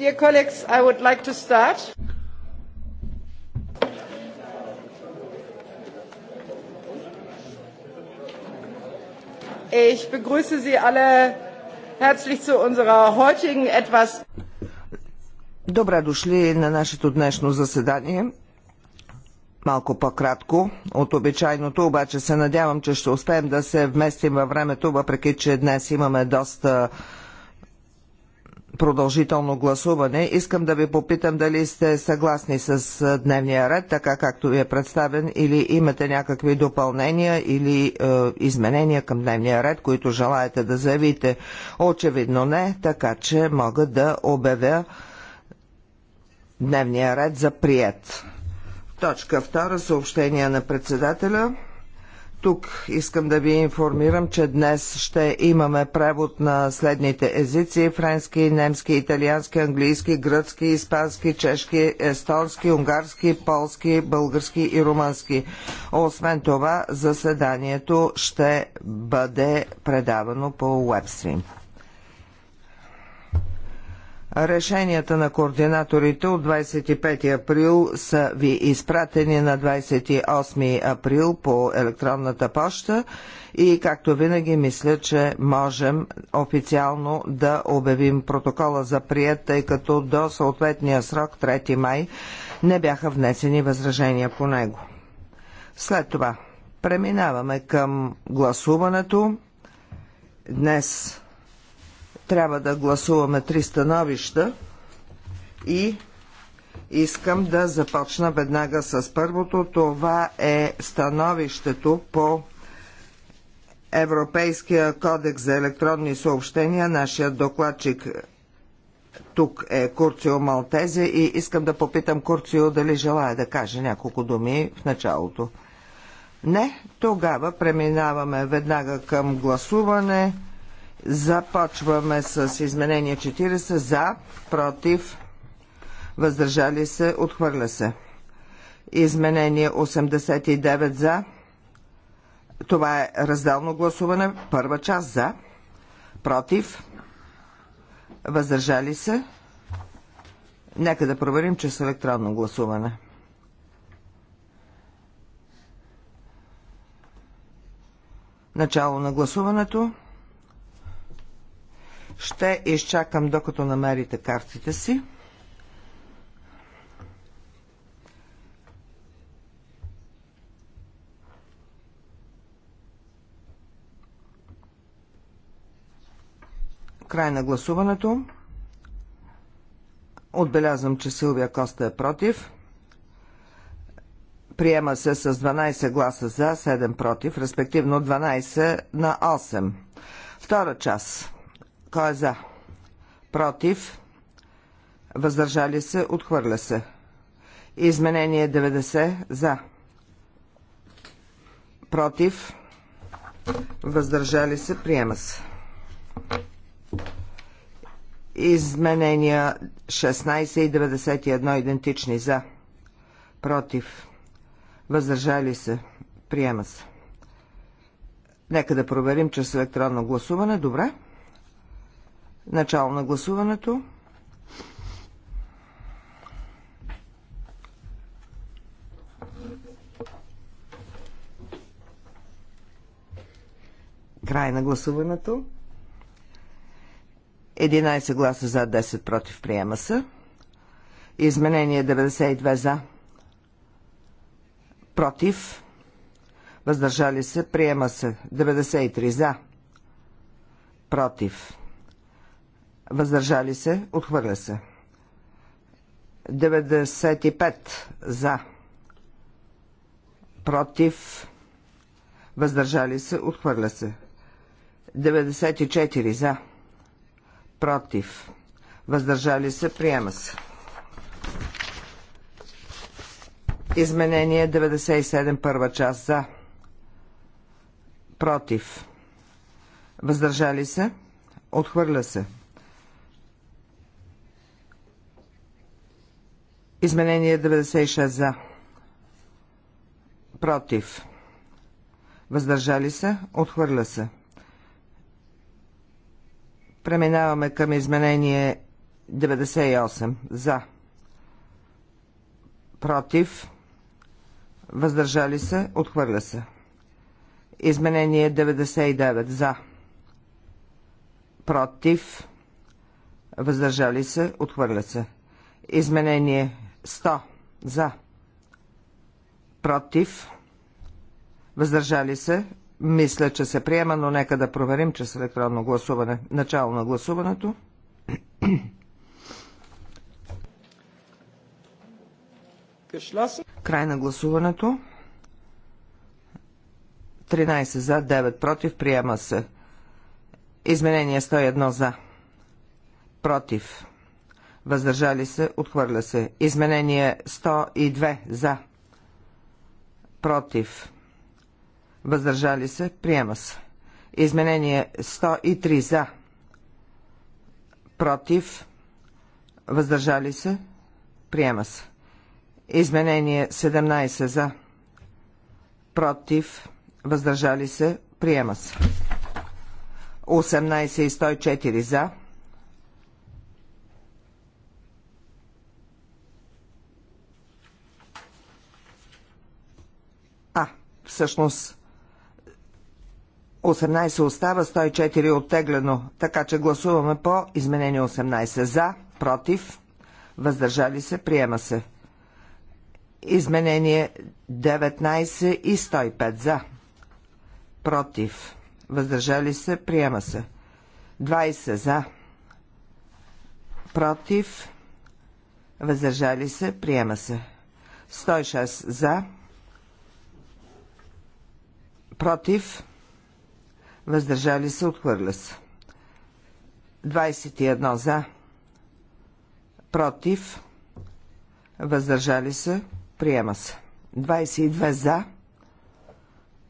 Dear colleagues, I would like to start. Ich begrüße Sie alle herzlich zu unserer heutigen etwas. Добре дошли на нашето днешно заседание. Малко по-кратко от обичайното, обаче се надявам, че ще успеем да се вместим във времето, въпреки че днес имаме доста продължително гласуване. Искам да ви попитам дали сте съгласни с дневния ред, така както ви е представен, или имате някакви допълнения или е, изменения към дневния ред, които желаете да заявите. Очевидно не, така че мога да обявя дневния ред за прият. Точка 2. Съобщение на председателя. Тук искам да ви информирам, че днес ще имаме превод на следните езици френски, немски, италиански, английски, гръцки, испански, чешки, естонски, унгарски, полски, български и румънски. Освен това, заседанието ще бъде предавано по уебстрим. Решенията на координаторите от 25 април са ви изпратени на 28 април по електронната поща и както винаги мисля, че можем официално да обявим протокола за прият, тъй като до съответния срок 3 май не бяха внесени възражения по него. След това преминаваме към гласуването. Днес трябва да гласуваме три становища и искам да започна веднага с първото. Това е становището по Европейския кодекс за електронни съобщения. Нашия докладчик тук е Курцио Малтезе и искам да попитам Курцио дали желая да каже няколко думи в началото. Не, тогава преминаваме веднага към гласуване. Започваме с изменение 40 за, против, въздържали се, отхвърля се. Изменение 89 за. Това е разделно гласуване. Първа част за, против, въздържали се. Нека да проверим, че с електронно гласуване. Начало на гласуването. Ще изчакам докато намерите картите си. Край на гласуването. Отбелязвам, че Силвия Коста е против. Приема се с 12 гласа за, 7 против, респективно 12 на 8. Втора част. Кой е за? Против? Въздържали се? Отхвърля се. Изменение 90. За. Против? Въздържали се? Приема се. Изменения 16 и 91 идентични. За. Против? Въздържали се? Приема се. Нека да проверим чрез електронно гласуване. Добре. Начало на гласуването. Край на гласуването. 11 гласа за, 10 против приема са. Изменение 92 за. Против. Въздържали се. Приема се. 93 за. Против въздържали се, отхвърля се. 95 за, против, въздържали се, отхвърля се. 94 за, против, въздържали се, приема се. Изменение 97 първа част за, против, въздържали се, отхвърля се. Изменение 96 за. Против. Въздържали се. Отхвърля се. Преминаваме към изменение 98 за. Против. Въздържали се. Отхвърля се. Изменение 99 за. Против. Въздържали се. Отхвърля се. Изменение 100 за, против, въздържали се. Мисля, че се приема, но нека да проверим чрез електронно гласуване. Начало на гласуването. Край на гласуването. 13 за, 9 против. Приема се. Изменение 101 за. Против въздържали се, отхвърля се. Изменение 102 за, против, въздържали се, приема се. Изменение 103 за, против, въздържали се, приема се. Изменение 17 за, против, въздържали се, приема се. 18 и 104 за, всъщност 18 остава, 104 е оттеглено, така че гласуваме по изменение 18 за, против, въздържали се, приема се. Изменение 19 и 105 за, против, въздържали се, приема се. 20 за, против, въздържали се, приема се. 106 за, против, въздържали се, отхвърля се. 21 за, против, въздържали се, приема се. 22 за,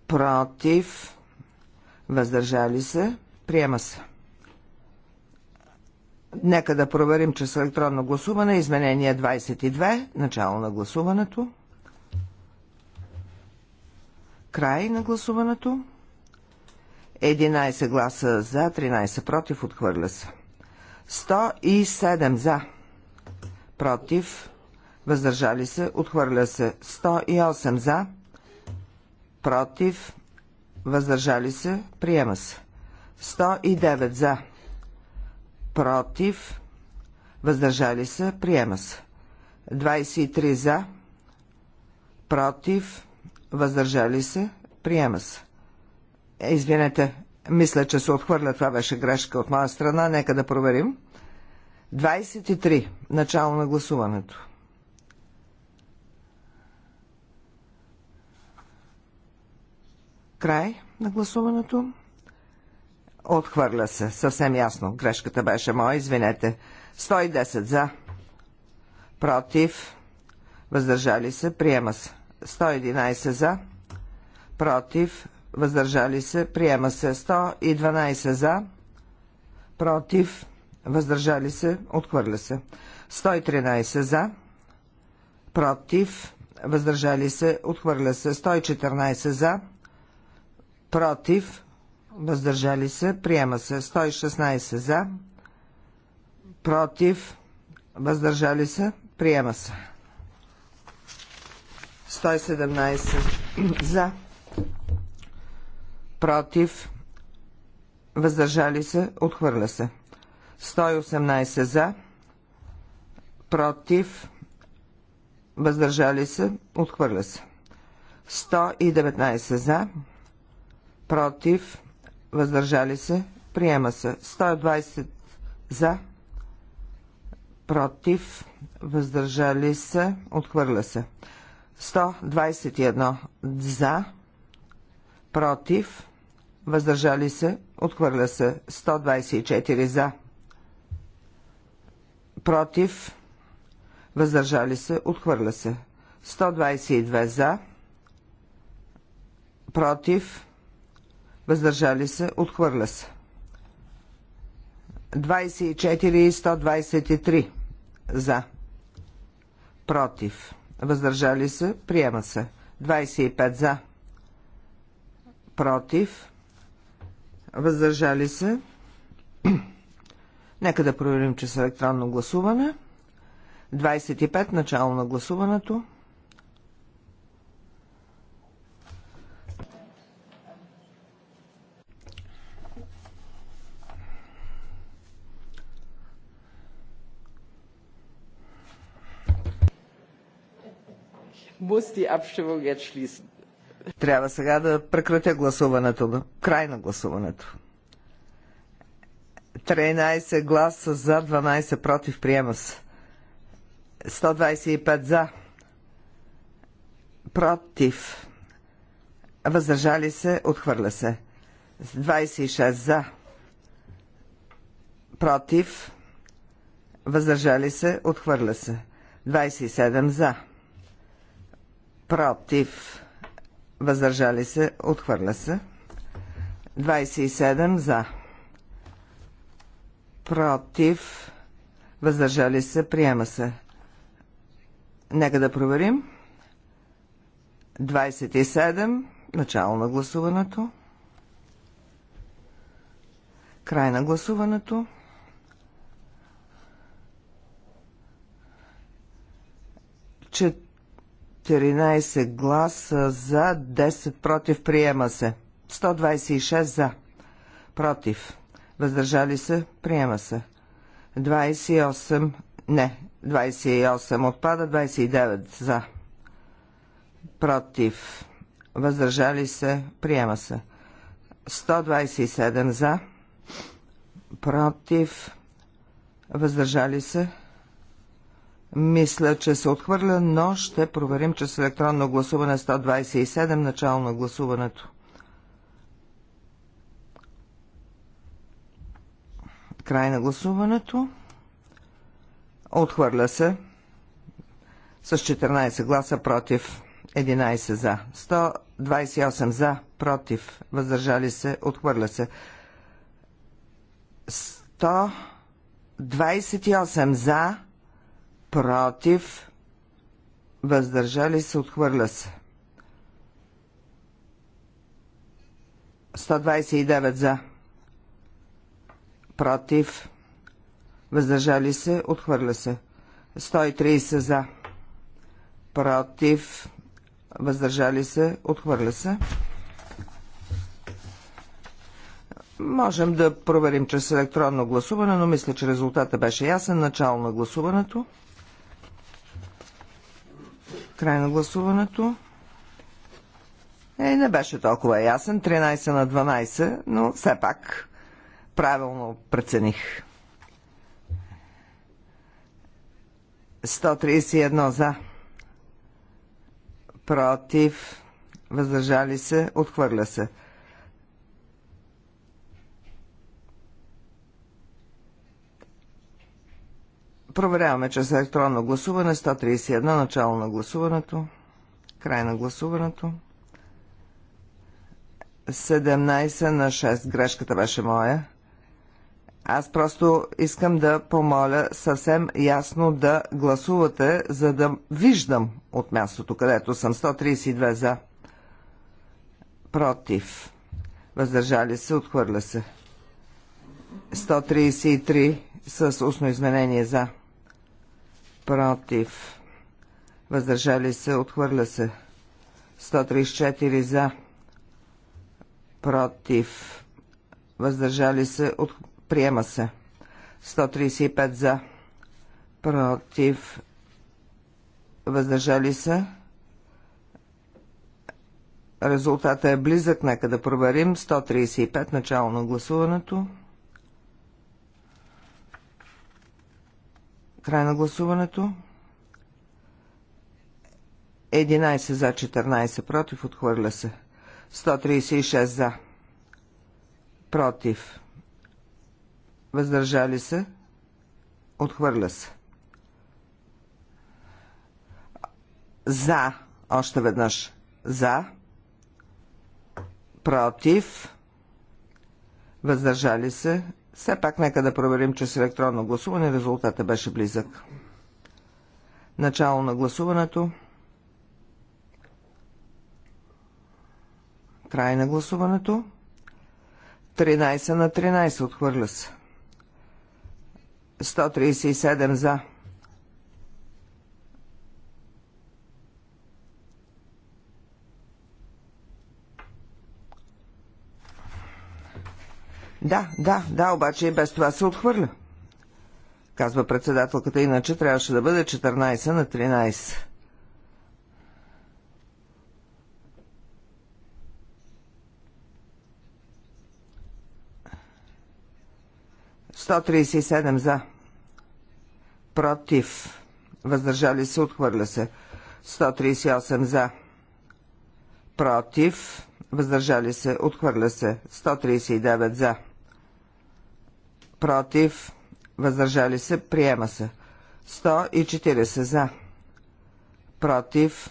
против, въздържали се, приема се. Нека да проверим, че с електронно гласуване изменение 22, начало на гласуването. Край на гласуването. 11 гласа за, 13 против, отхвърля се. 107 за, против, въздържали се, отхвърля се. 108 за, против, въздържали се, приема се. 109 за, против, въздържали се, приема се. 23 за, против, въздържали се, приема се. Е, извинете, мисля, че се отхвърля. Това беше грешка от моя страна. Нека да проверим. 23. Начало на гласуването. Край на гласуването. Отхвърля се. Съвсем ясно. Грешката беше моя. Извинете. 110 за. Против. Въздържали се. Приема се. 111 за, против, въздържали се, приема се 112 за, против, въздържали се, отхвърля се. 113 за, против, въздържали се, отхвърля се. 114 за, против, въздържали се, приема се. 116 за, против, въздържали се, приема се. 117 за, против, въздържали се, отхвърля се. 118 за, против, въздържали се, отхвърля се. 119 за, против, въздържали се, приема се. 120 за, против, въздържали се, отхвърля се. 121 за, против, въздържали се, отхвърля се 124 за, против, въздържали се, отхвърля се 122 за, против, въздържали се, отхвърля се 24 и 123 за, против въздържали се, приема се. 25 за, против, въздържали се. Нека да проверим, че с електронно гласуване. 25 начало на гласуването. Трябва сега да прекратя гласуването. Край на гласуването. 13 гласа за, 12 против, приема се. 125 за, против, въздържали се, отхвърля се. 26 за, против, въздържали се, отхвърля се. 27 за против, въздържали се, отхвърля се. 27 за, против, въздържали се, приема се. Нека да проверим. 27, начало на гласуването. Край на гласуването. Чет 14 гласа за, 10 против, приема се. 126 за, против, въздържали се, приема се. 28, не, 28 отпада, 29 за, против, въздържали се, приема се. 127 за, против, въздържали се, мисля, че се отхвърля, но ще проверим, че с електронно гласуване 127 начало на гласуването. Край на гласуването. Отхвърля се с 14 гласа против, 11 за, 128 за, против, въздържали се, отхвърля се. 128 за, против, въздържали се, отхвърля се. 129 за, против, въздържали се, отхвърля се. 130 за, против, въздържали се, отхвърля се. Можем да проверим чрез електронно гласуване, но мисля, че резултата беше ясен. Начало на гласуването. Край на гласуването. Е, не беше толкова ясен. 13 на 12, но все пак правилно прецених. 131 за. Против. Въздържали се. Отхвърля се. Проверяваме чрез електронно гласуване 131, начало на гласуването, край на гласуването. 17 на 6. Грешката беше моя. Аз просто искам да помоля съвсем ясно да гласувате, за да виждам от мястото, където съм. 132 за. Против. Въздържали се, отхвърля се. 133 с устно изменение за против, въздържали се, отхвърля се. 134 за, против, въздържали се, от... приема се. 135 за, против, въздържали се. Резултата е близък, нека да проверим. 135 начало на гласуването. Край на гласуването. 11 за, 14 против, отхвърля се. 136 за. Против. Въздържали се. Отхвърля се. За. Още веднъж. За. Против. Въздържали се. Все пак нека да проверим, че с електронно гласуване резултата беше близък. Начало на гласуването. Край на гласуването. 13 на 13 отхвърля се. 137 за. Да, да, да, обаче и без това се отхвърля. Казва председателката, иначе трябваше да бъде 14 на 13. 137 за. Против. Въздържали се, отхвърля се. 138 за. Против. Въздържали се, отхвърля се. 139 за против, въздържали се, приема се. 140 за, против,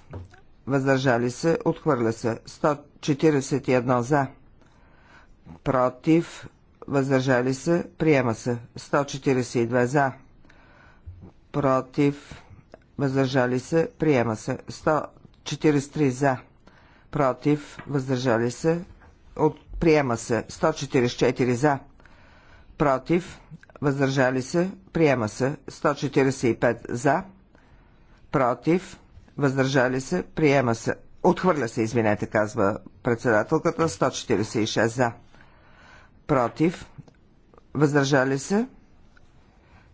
въздържали се, отхвърля се. 141 за, против, въздържали се, приема се. 142 за, против, въздържали се, приема се. 143 за, против, въздържали се, от, приема се. 144 за, против, въздържали се, приема се. 145 за, против, въздържали се, приема се. Отхвърля се, извинете, казва председателката. 146 за, против, въздържали се.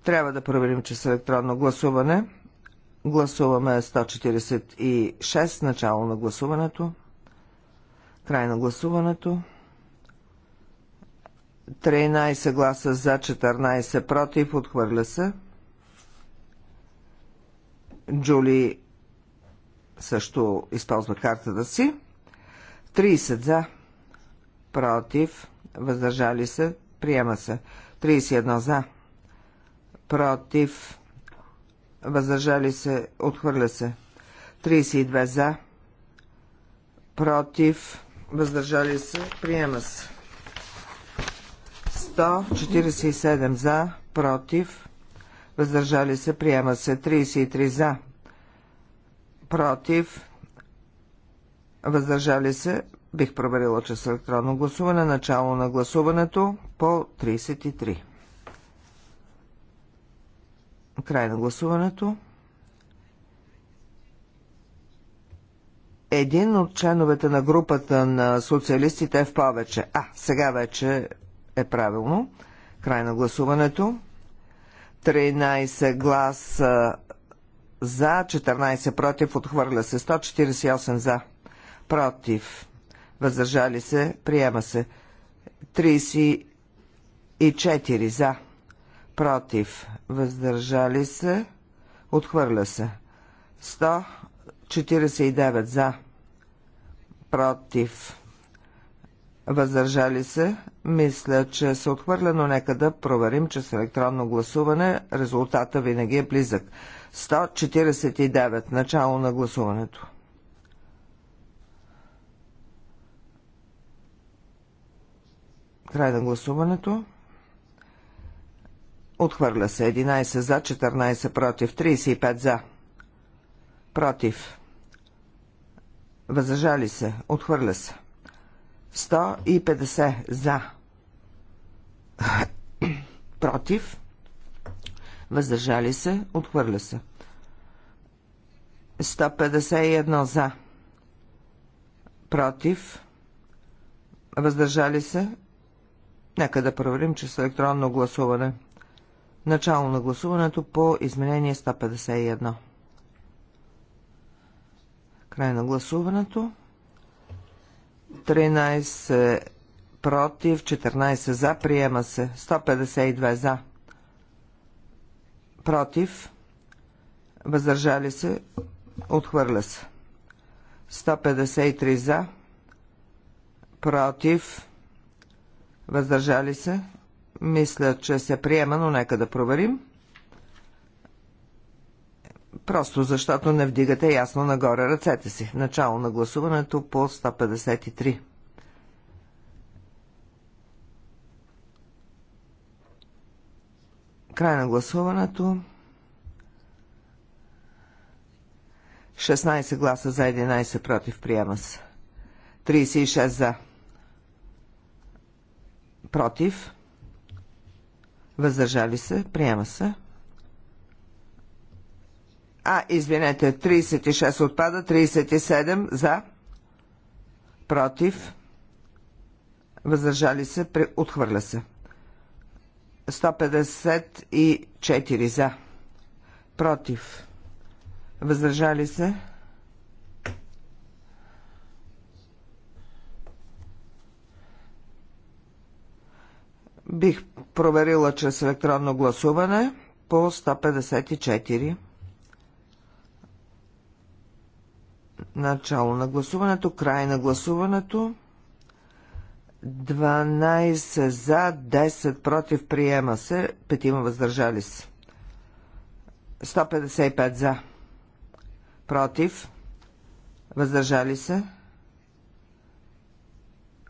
Трябва да проверим, че с електронно гласуване. Гласуваме 146, начало на гласуването, край на гласуването. 13 гласа за, 14 против, отхвърля се. Джули също използва картата си. 30 за, против, въздържали се, приема се. 31 за, против, въздържали се, отхвърля се. 32 за, против, въздържали се, приема се. 147 за, против, въздържали се, приема се 33 за, против, въздържали се, бих проверила, че с електронно гласуване, начало на гласуването по 33. Край на гласуването. един от членовете на групата на социалистите е в повече. А, сега вече е правилно. Край на гласуването. 13 гласа за, 14 против, отхвърля се 148 за, против, въздържали се, приема се 34 за, против, въздържали се, отхвърля се 149 за, против, въздържали се, мисля, че се отхвърля, но нека да проверим, че с електронно гласуване резултата винаги е близък. 149. Начало на гласуването. Край на гласуването. Отхвърля се 11 за, 14 против, 35 за. Против. Въздържали се. Отхвърля се. 150 за, против, въздържали се, отхвърля се. 151 за, против, въздържали се. Нека да проверим, че с електронно гласуване. Начало на гласуването по изменение 151. Край на гласуването. 13 против, 14 за, приема се. 152 за, против, въздържали се, отхвърля се. 153 за, против, въздържали се. Мисля, че се приема, но нека да проверим. Просто защото не вдигате ясно нагоре ръцете си. Начало на гласуването по 153. Край на гласуването. 16 гласа за 11 против приема се. 36 за. Против. Въздържали се. Приема се. А, извинете, 36 отпада, 37 за, против, въздържали се, отхвърля се. 154 за, против, въздържали се. Бих проверила чрез електронно гласуване по 154. Начало на гласуването, край на гласуването. 12 за, 10 против, приема се, петима въздържали се. 155 за, против, въздържали се.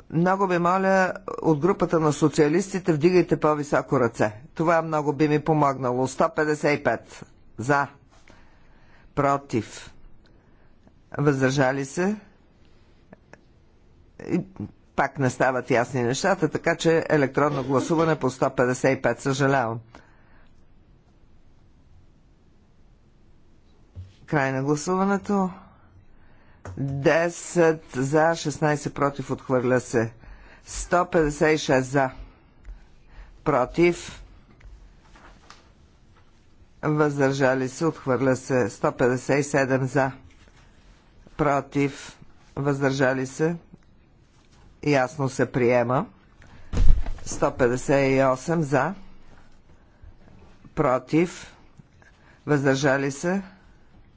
Много ви моля, от групата на социалистите вдигайте по-високо ръце. Това много би ми помогнало. 155 за, против, въздържали се. И пак не стават ясни нещата, така че електронно гласуване по 155 съжалявам. Край на гласуването. 10 за, 16 против, отхвърля се. 156 за, против, въздържали се, отхвърля се. 157 за, против, въздържали се, ясно се приема. 158 за, против, въздържали се,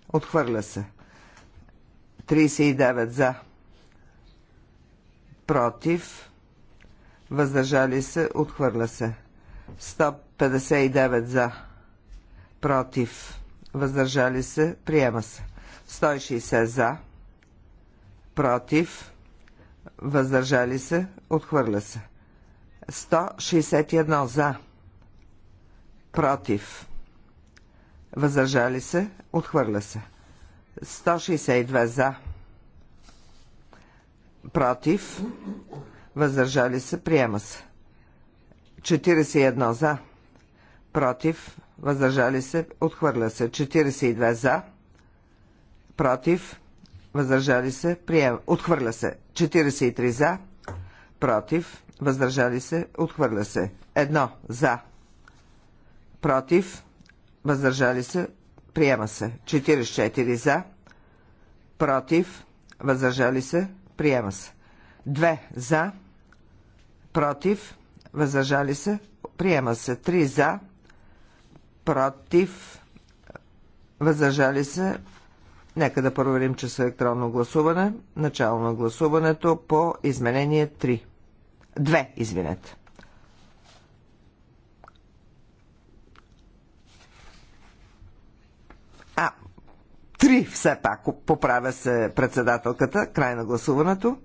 отхвърля се. 39 за, против, въздържали се, отхвърля се. 159 за, против, въздържали се, приема се. 160 за, против, въздържали се, отхвърля се. 161 за, против, въздържали се, отхвърля се. 162 за, против, въздържали се, приема се. 41 за, против, въздържали се, отхвърля се. 42 за, против, въздържали се, приема. Отхвърля се. 43 за, против, въздържали се, отхвърля се. Едно за, против, въздържали се, приема се. 44 за, против, въздържали се, приема се. 2 за, против, въздържали се, приема се. 3 за, против, въздържали се, Нека да проверим, че с електронно гласуване. Начало на гласуването по изменение 3. 2, извинете. А, 3 все пак, поправя се председателката, край на гласуването.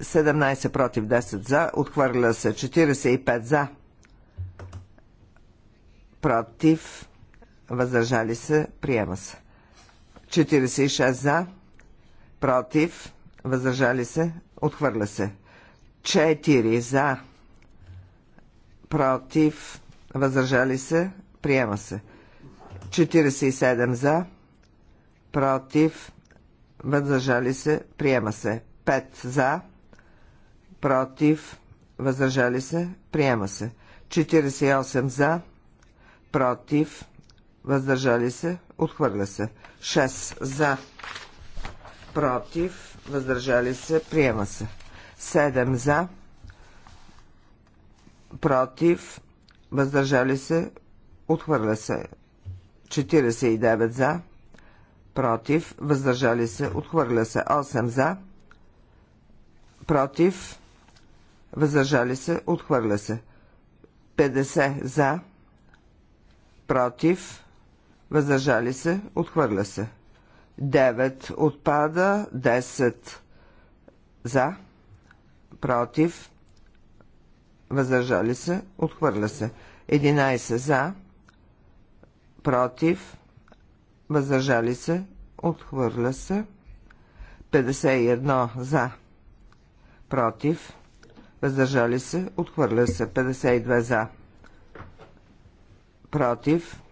17 против 10 за, отхвърля се 45 за, против въздържали се, приема се. 46 за, против, въздържали се, отхвърля се. 4 за, против, въздържали се, приема се. 47 за, против, въздържали се, приема се. 5 за, против, въздържали се, приема се. 48 за, против, въздържали се, отхвърля се. 6 за, против, въздържали се, приема се. 7 за, против, въздържали се, отхвърля се. 49 за, против, въздържали се, отхвърля се. 8 за, против, въздържали се, отхвърля се. 50 за, против, въздържали се, отхвърля се. 9 отпада, 10 за, против, въздържали се, отхвърля се. 11 за, против, въздържали се, отхвърля се. 51 за, против, въздържали се, отхвърля се. 52 за, против,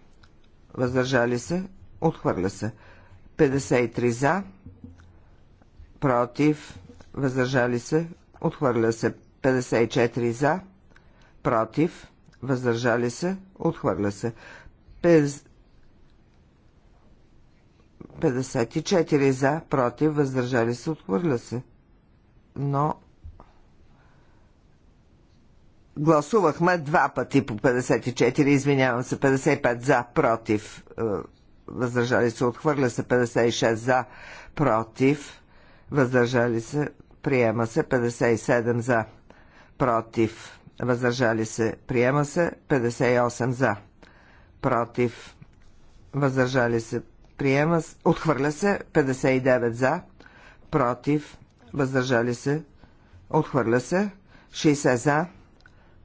въздържали се, отхвърля се. 53 за, против, въздържали се, отхвърля се. 54 за, против, въздържали се, отхвърля се. 54 за, против, въздържали се, отхвърля се. Но гласувахме два пъти по 54, извинявам се, 55 е, за, против, въздържали се, отхвърля се 56 за, против, въздържали се, приема се 57 за, против, въздържали се, приема се 58 за, против, въздържали се, приема се, отхвърля се 59 за, против, въздържали се, отхвърля се 60 за,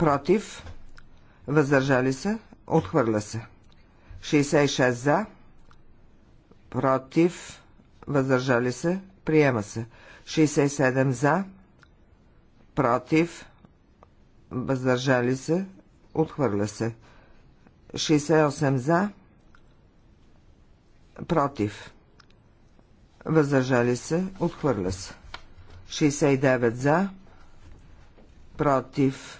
против, въздържали се, отхвърля се. 66 за, против, въздържали се, приема се. 67 за, против, въздържали се, отхвърля се. 68 за, против, въздържали се, отхвърля се. 69 за, против,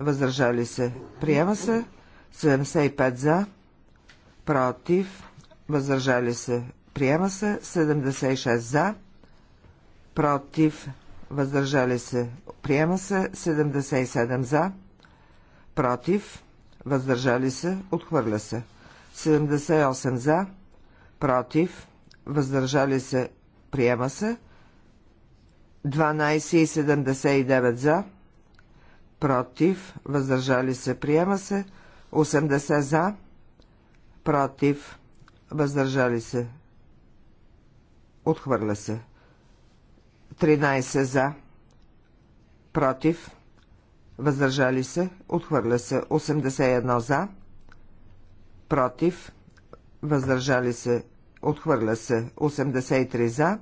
въздържали се, приема се. 75 за, против, въздържали се, приема се. 76 за, против, въздържали се, приема се. 77 за, против, въздържали се, отхвърля се. 78 за, против, въздържали се, приема се. 12 и 79 за, против, въздържали се, приема се. 80 за, против, въздържали се, отхвърля се. 13 за, против, въздържали се, отхвърля се. 81 за, против, въздържали се, отхвърля се. 83 за,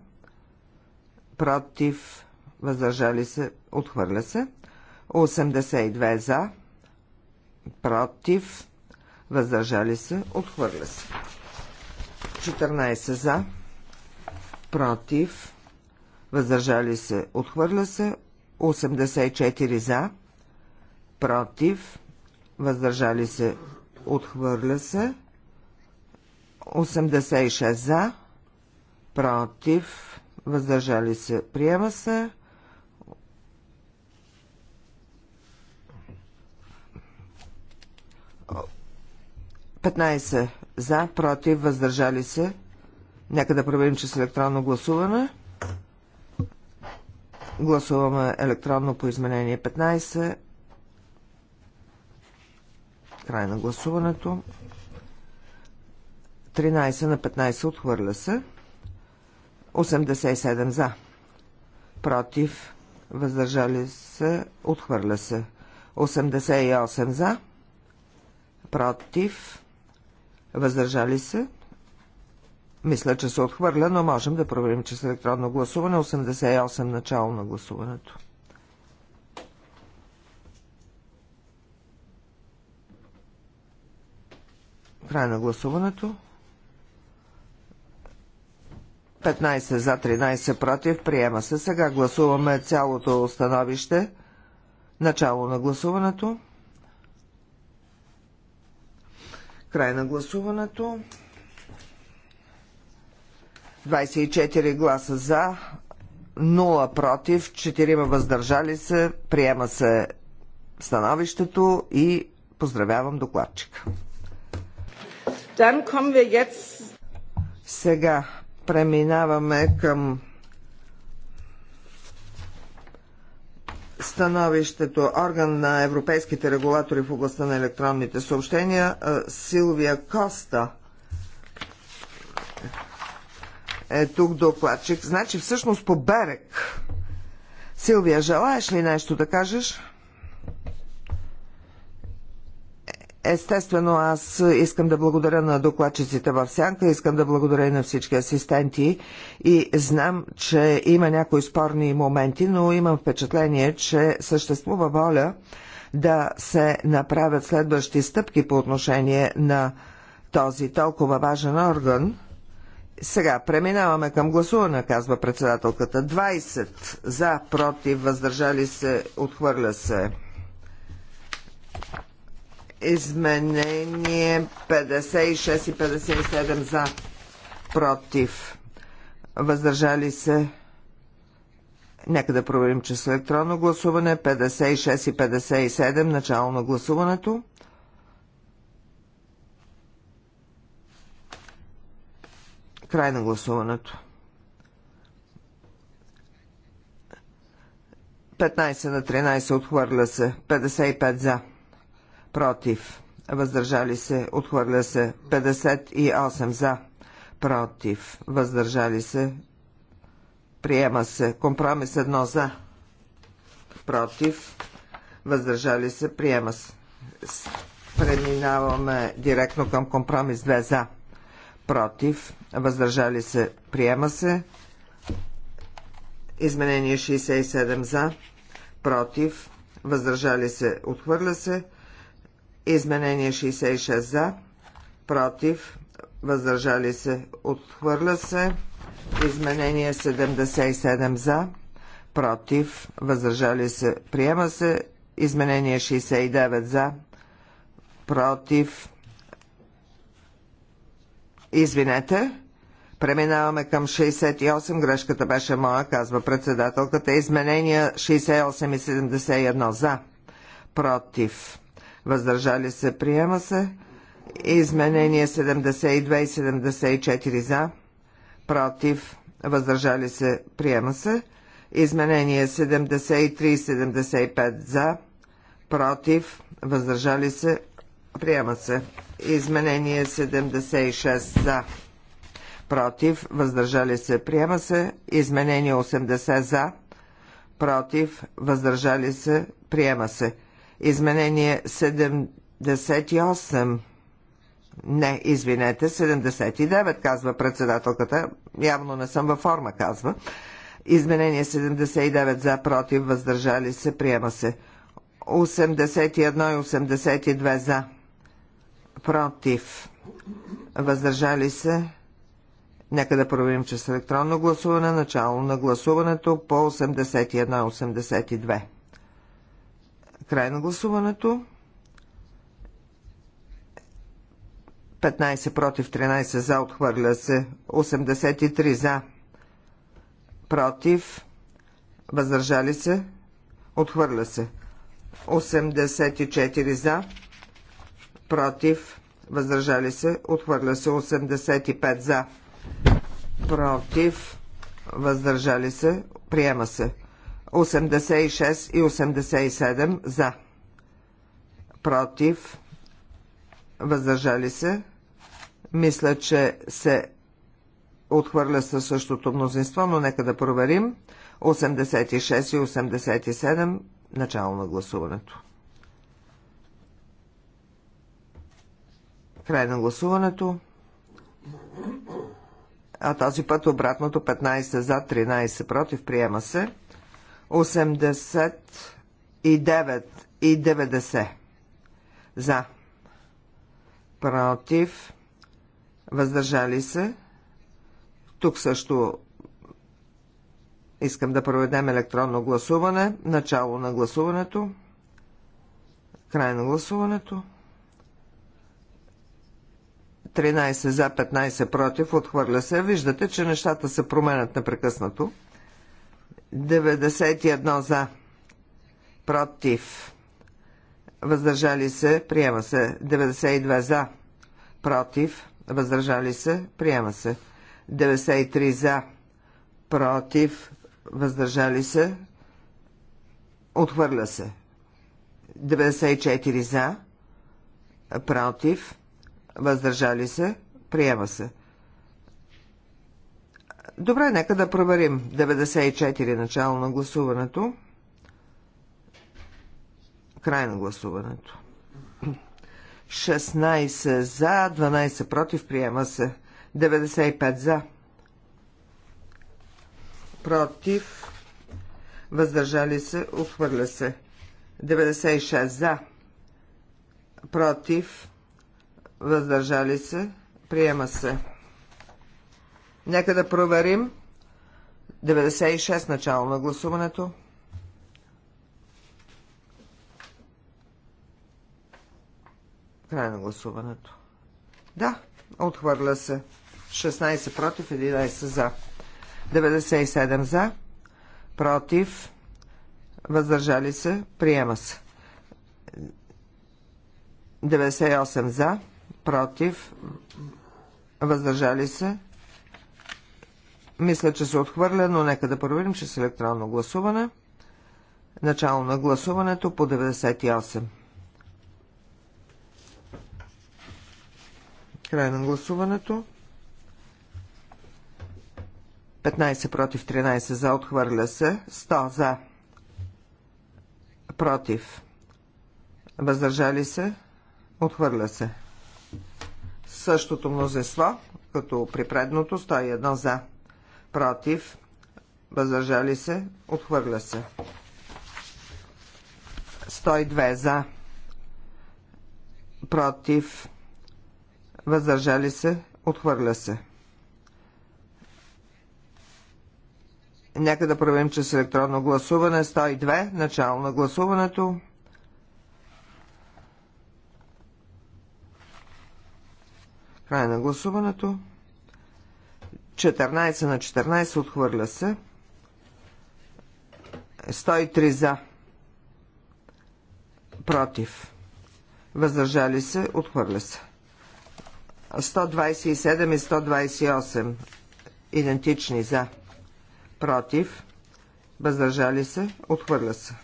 против, въздържали се, отхвърля се. 82 за, против, въздържали се, отхвърля се. 14 за, против, въздържали се, отхвърля се. 84 за, против, въздържали се, отхвърля се. 86 за, против, въздържали се, приема се. 15 за, против, въздържали се. Нека да проверим, че с електронно гласуване. Гласуваме електронно по изменение 15. Край на гласуването. 13 на 15 отхвърля се. 87 за. Против. Въздържали се. Отхвърля се. 88 за. Против. Въздържали се? Мисля, че се отхвърля, но можем да проверим, че с електронно гласуване 88 начало на гласуването. Край на гласуването. 15 за 13 против. Приема се. Сега гласуваме цялото становище. Начало на гласуването. Край на гласуването. 24 гласа за, 0 против, 4 въздържали се. Приема се становището и поздравявам докладчика. Сега преминаваме към становището орган на европейските регулатори в областта на електронните съобщения Силвия Коста е тук докладчик. Значи всъщност по Берек. Силвия, желаеш ли нещо да кажеш? Естествено, аз искам да благодаря на докладчиците в Сянка, искам да благодаря и на всички асистенти и знам, че има някои спорни моменти, но имам впечатление, че съществува воля да се направят следващи стъпки по отношение на този толкова важен орган. Сега преминаваме към гласуване, казва председателката. 20 за, против, въздържали се, отхвърля се. Изменение 56 и 57 за. Против. Въздържали се. Нека да проверим, че с електронно гласуване 56 и 57 начало на гласуването. Край на гласуването. 15 на 13 отхвърля се. 55 за против, въздържали се, отхвърля се 58 за, против, въздържали се, приема се компромис 1 за, против, въздържали се, приема се. Преминаваме директно към компромис 2 за, против, въздържали се, приема се. Изменение 67 за, против, въздържали се, отхвърля се. Изменение 66 за, против, въздържали се, отхвърля се. Изменение 77 за, против, въздържали се, приема се. Изменение 69 за, против. Извинете. Преминаваме към 68. Грешката беше моя, казва председателката. Изменения 68 и 71 за. Против въздържали се, приема се. Изменение 72 и 74 за, против, въздържали се, приема се. Изменение 73 и 75 за, против, въздържали се, приема се. Изменение 76 за, против, въздържали се, приема се. Изменение 80 за, против, въздържали се, приема се. Изменение 78. Не, извинете, 79, казва председателката. Явно не съм във форма, казва. Изменение 79 за против, въздържали се, приема се. 81 и 82 за против, въздържали се. Нека да проверим чрез електронно гласуване начало на гласуването по 81 и 82. Край на гласуването. 15 против 13 за отхвърля се. 83 за против. Въздържали се. Отхвърля се. 84 за против. Въздържали се. Отхвърля се. 85 за против. Въздържали се. Приема се. 86 и 87 за. Против. Въздържали се. Мисля, че се отхвърля със същото мнозинство, но нека да проверим. 86 и 87 начало на гласуването. Край на гласуването. А този път обратното 15 за 13 против приема се. 89 и 90. За. Против. Въздържали се. Тук също искам да проведем електронно гласуване. Начало на гласуването. Край на гласуването. 13 за, 15 против, отхвърля се. Виждате, че нещата се променят непрекъснато. 91 за. Против. Въздържали се. Приема се. 92 за. Против. Въздържали се. Приема се. 93 за. Против. Въздържали се. Отхвърля се. 94 за. Против. Въздържали се. Приема се. Добре, нека да проверим. 94 начало на гласуването. Край на гласуването. 16 за, 12 против, приема се. 95 за. Против. Въздържали се, отхвърля се. 96 за. Против. Въздържали се, приема се. Нека да проверим. 96 начало на гласуването. Край на гласуването. Да, отхвърля се. 16 против, 11 за. 97 за, против, въздържали се, приема се. 98 за, против, въздържали се, мисля, че се отхвърля, но нека да проверим, че с електронно гласуване. Начало на гласуването по 98. Край на гласуването. 15 против 13 за отхвърля се. 100 за против. Въздържали се. Отхвърля се. Същото мнозинство, като при предното, 101 за против, въздържали се, отхвърля се. 102 за, против, въздържали се, отхвърля се. Нека да правим, че с електронно гласуване 102, начало на гласуването. Край на гласуването. 14 на 14 отхвърля се. 103 за. Против. Въздържали се. Отхвърля се. 127 и 128. Идентични за. Против. Въздържали се. Отхвърля се.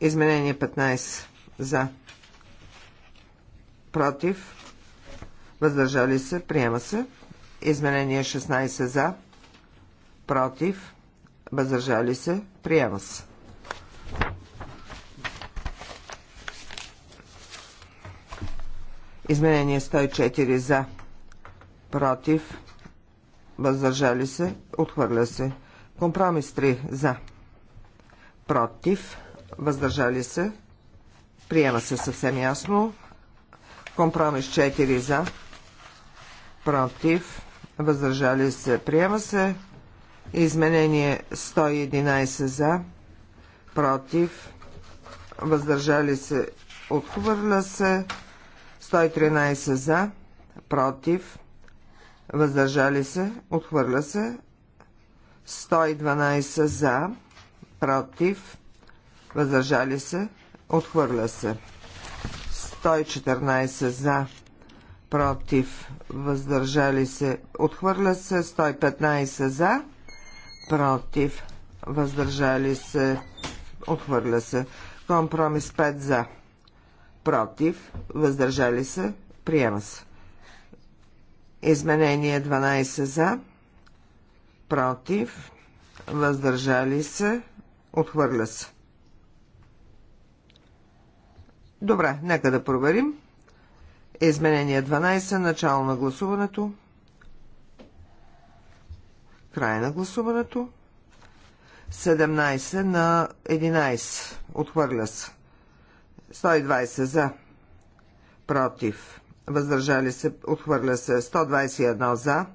Изменение 15. За против, въздържали се, приема се. Изменение 16 за, против, въздържали се, приема се. Изменение 104 за, против, въздържали се, отхвърля се. Компромис 3 за, против, въздържали се, приема се съвсем ясно. Компромис 4 за. Против. Въздържали се. Приема се. Изменение 111 за. Против. Въздържали се. Отхвърля се. 113 за. Против. Въздържали се. Отхвърля се. 112 за. Против. Въздържали се. Отхвърля се. 114 за, против, въздържали се, отхвърля се 115 за, против, въздържали се, отхвърля се. Компромис 5 за, против, въздържали се, приема се. Изменение 12 за, против, въздържали се, отхвърля се. Добре, нека да проверим. Изменение 12, начало на гласуването. Край на гласуването. 17 на 11. Отхвърля се. 120 за. Против. Въздържали се. Отхвърля се. 121 за.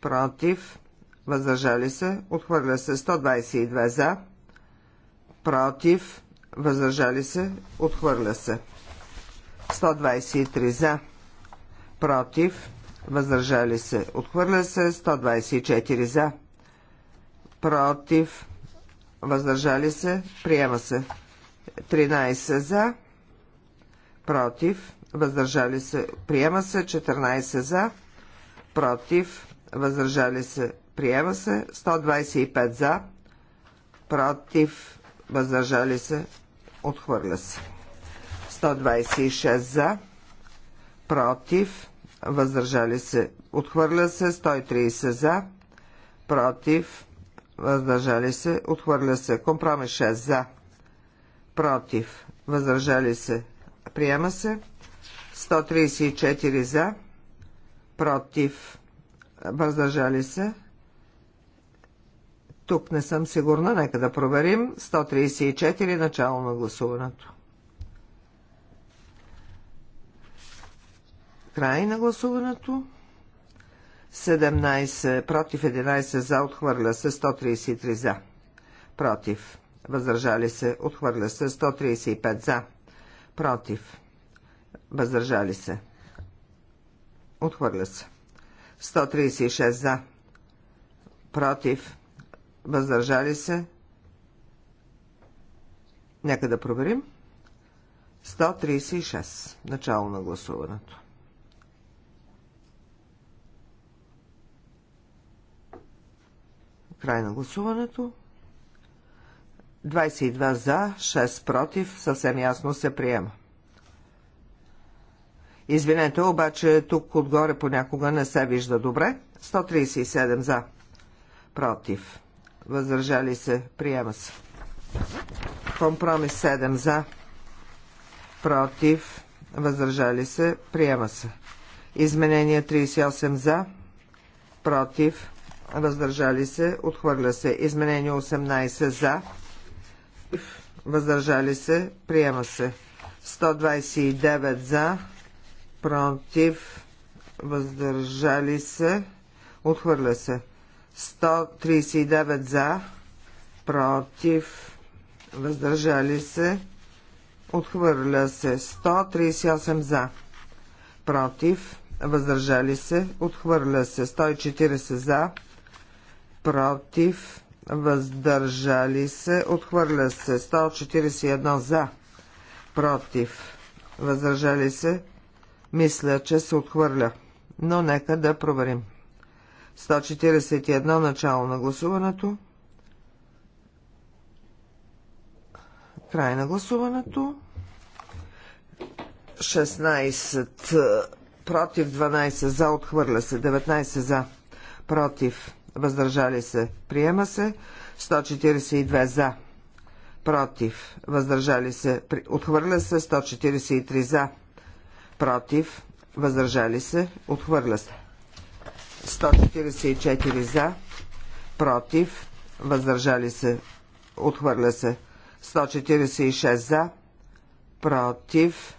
Против. Въздържали се. Отхвърля се. 122 за. Против въздържали се, отхвърля се. 123 за, против, въздържали се, отхвърля се. 124 за, против, въздържали се, приема се. 13 за, против, въздържали се, приема се. 14 за, против, въздържали се, приема се. 125 за, против, въздържали се, отхвърля се. 126 за, против, въздържали се, отхвърля се. 130 за, против, въздържали се, отхвърля се. Компромис 6 за, против, въздържали се, приема се. 134 за, против, въздържали се, тук не съм сигурна, нека да проверим. 134 начало на гласуването. Край на гласуването. 17 против 11 за отхвърля се 133 за. Против. Въздържали се. Отхвърля се 135 за. Против. Въздържали се. Отхвърля се. 136 за. Против въздържали се. Нека да проверим. 136. Начало на гласуването. Край на гласуването. 22 за, 6 против, съвсем ясно се приема. Извинете, обаче тук отгоре понякога не се вижда добре. 137 за, против, въздържали се, приема се. Компромис 7 за, против, въздържали се, приема се. Изменение 38 за, против, въздържали се, отхвърля се. Изменение 18 за, въздържали се, приема се. 129 за, против, въздържали се, отхвърля се. 139 за, против, въздържали се, отхвърля се 138 за, против, въздържали се, отхвърля се 140 за, против, въздържали се, отхвърля се 141 за, против, въздържали се, мисля, че се отхвърля, но нека да проверим. 141 начало на гласуването. Край на гласуването. 16 е, против, 12 за, отхвърля се, 19 за, против, въздържали се, приема се, 142 за, против, въздържали се, отхвърля се, 143 за, против, въздържали се, отхвърля се. 144 за, против, въздържали се, отхвърля се. 146 за, против,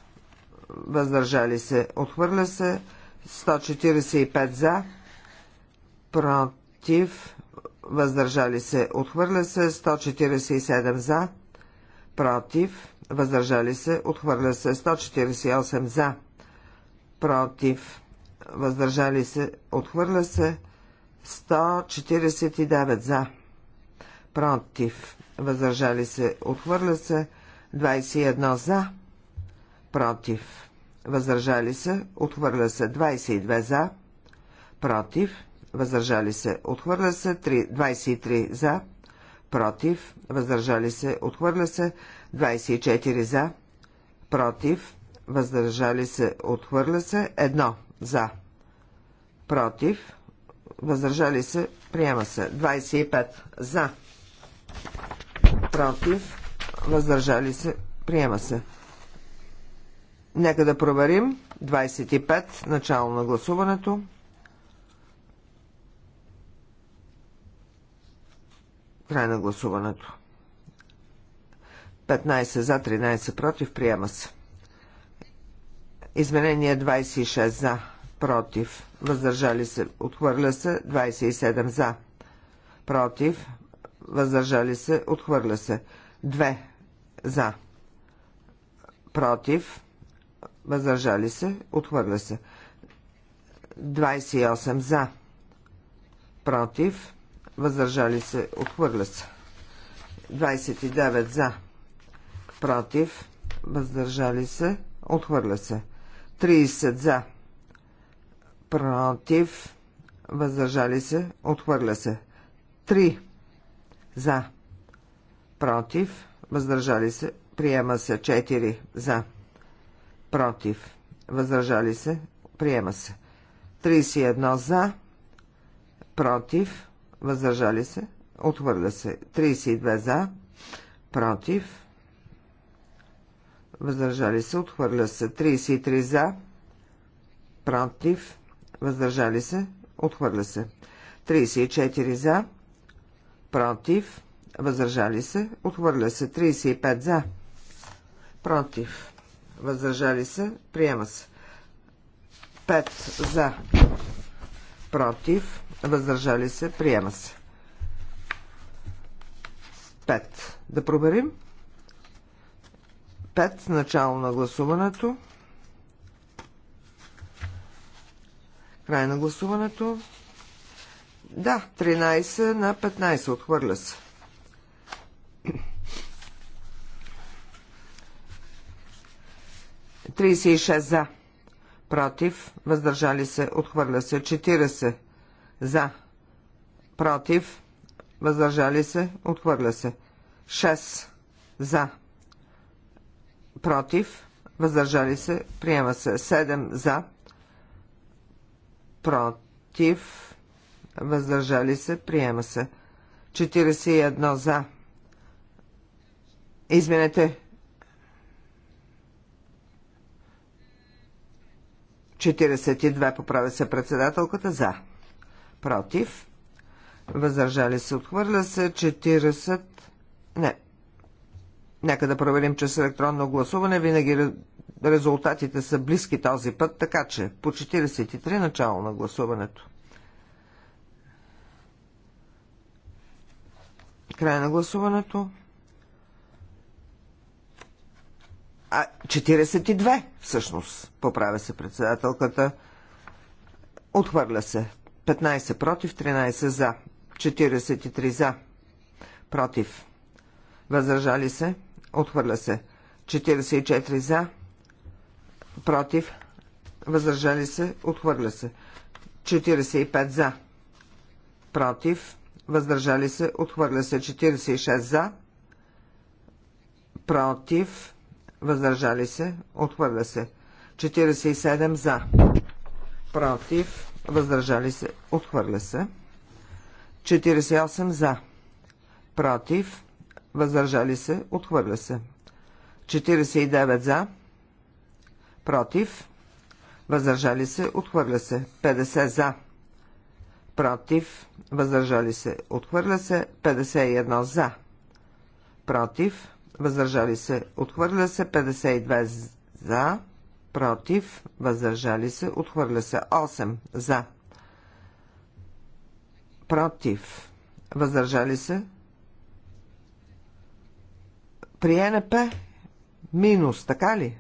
въздържали се, отхвърля се. 145 за, против, въздържали се, отхвърля се. 147 за, против, въздържали се, отхвърля се. 148 за, против, въздържали се, отхвърля се 149 за, против, въздържали се, отхвърля се 21 за, против, въздържали се, отхвърля се 22 за, против, въздържали се, отхвърля се 3, 23 за, против, въздържали се, отхвърля се 24 за, против, въздържали се, отхвърля се, едно за, против, въздържали се, приема се. 25 за, против, въздържали се, приема се. Нека да проверим. 25, начало на гласуването. Край на гласуването. 15 за, 13 против, приема се. Изменение 26 за, против, въздържали се, отхвърля се, 27 за, против, въздържали се, отхвърля се, 2 за, против, въздържали се, отхвърля се, 28 за, против, въздържали се, отхвърля се, 29 за, против, въздържали се, отхвърля се, 30 за. Против. Въздържали се. Отхвърля се. 3 за. Против. Въздържали се. Приема се. 4 за. Против. Въздържали се. Приема се. 31 за. Против. Въздържали се. Отхвърля се. 32 за. Против въздържали се, отхвърля се. 33 за, против, въздържали се, отхвърля се. 34 за, против, въздържали се, отхвърля се. 35 за, против, въздържали се, приема се. 5 за, против, въздържали се, приема се. 5. Да проверим. 5. Начало на гласуването. Край на гласуването. Да, 13 на 15. Отхвърля се. Тридесет за. Против. Въздържали се. Отхвърля се. 40 за. Против. Въздържали се. Отхвърля се. 6 за против, въздържали се, приема се 7 за, против, въздържали се, приема се 41 за. Изменете 42 поправя се председателката за. Против. Въздържали се. Отхвърля се. 40. Не. Нека да проверим, че с електронно гласуване винаги резултатите са близки този път, така че по 43 начало на гласуването. Край на гласуването. А, 42 всъщност, поправя се председателката. Отхвърля се. 15 против, 13 за. 43 за. Против. Възражали се. Отхвърля се. 44 за. Против. Въздържали се. Отхвърля се. 45 за. Против. Въздържали се. Отхвърля се. 46 за. Против. Въздържали се. Отхвърля се. 47 за. Против. Въздържали се. Отхвърля се. 48 за. Против въздържали се, отхвърля се. 49 за, против, въздържали се, отхвърля се. 50 за, против, въздържали се, отхвърля се. 51 за, против, въздържали се, отхвърля се. 52 за, против, въздържали се, отхвърля се. 8 за, против, въздържали се, при НП минус, така ли?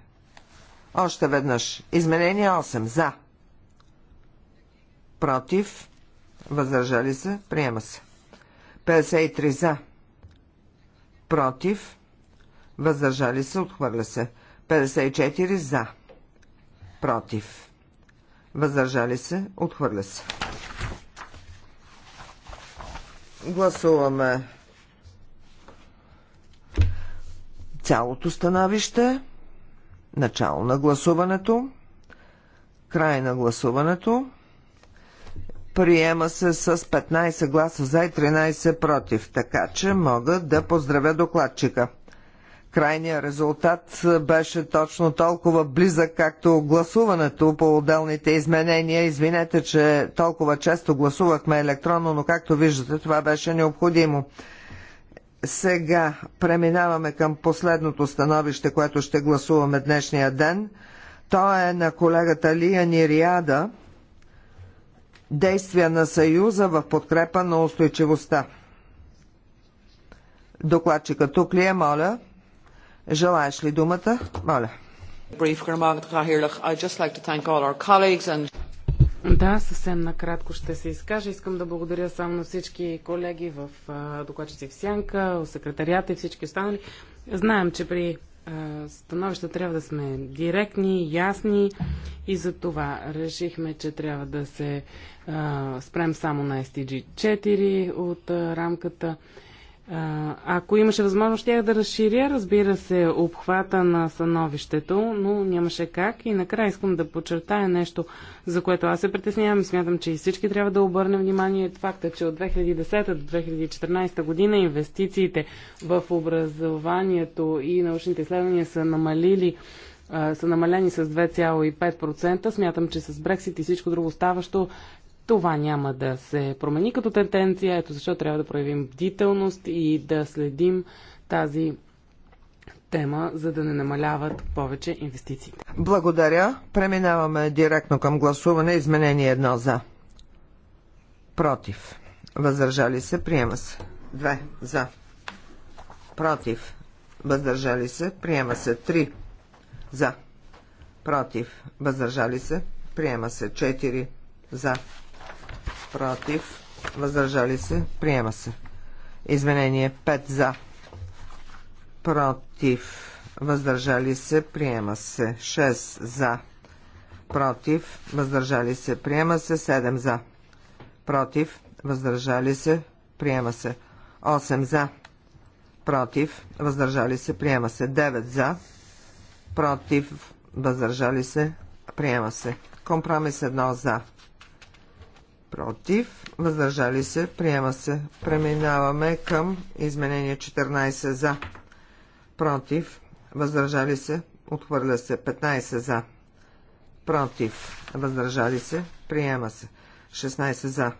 Още веднъж. Изменение 8. За. Против. Въздържали се. Приема се. 53 за. Против. Въздържали се. Отхвърля се. 54 за. Против. Въздържали се. Отхвърля се. Гласуваме Цялото становище. Начало на гласуването. Край на гласуването. Приема се с 15 гласа за и 13 против, така че мога да поздравя докладчика. Крайният резултат беше точно толкова близък, както гласуването по отделните изменения. Извинете, че толкова често гласувахме електронно, но както виждате, това беше необходимо. Сега преминаваме към последното становище, което ще гласуваме днешния ден. То е на колегата Лия Нириада Действия на Съюза в подкрепа на устойчивостта. Докладчика тук ли е, моля? Желаеш ли думата? Моля. Да, съвсем накратко ще се изкажа. Искам да благодаря само на всички колеги в докладчици в Сянка, секретарията и всички останали. Знаем, че при становища трябва да сме директни, ясни и за това решихме, че трябва да се спрем само на STG 4 от рамката. Ако имаше възможност, щях да разширя, разбира се, обхвата на становището, но нямаше как. И накрая искам да подчертая нещо, за което аз се притеснявам и смятам, че и всички трябва да обърнем внимание. Факта, че от 2010 до 2014 година инвестициите в образованието и научните изследвания са намалили са намалени с 2,5%. Смятам, че с Брексит и всичко друго ставащо това няма да се промени като тенденция, ето защо трябва да проявим бдителност и да следим тази тема, за да не намаляват повече инвестициите. Благодаря. Преминаваме директно към гласуване. Изменение едно за. Против. Въздържали се. Приема се. Две. За. Против. Въздържали се. Приема се. Три. За. Против. Въздържали се. Приема се. Четири. За против, въздържали се, приема се. Изменение 5 за, против, въздържали се, приема се. 6 за, против, въздържали се, приема се. 7 за, против, въздържали се, приема се. 8 за, против, въздържали се, приема се. 9 за, против, въздържали се, приема се. Компромис 1 за, против, въздържали се, приема се. Преминаваме към изменение 14 за, против, въздържали се, отхвърля се 15 за, против, въздържали се, приема се. 16 за,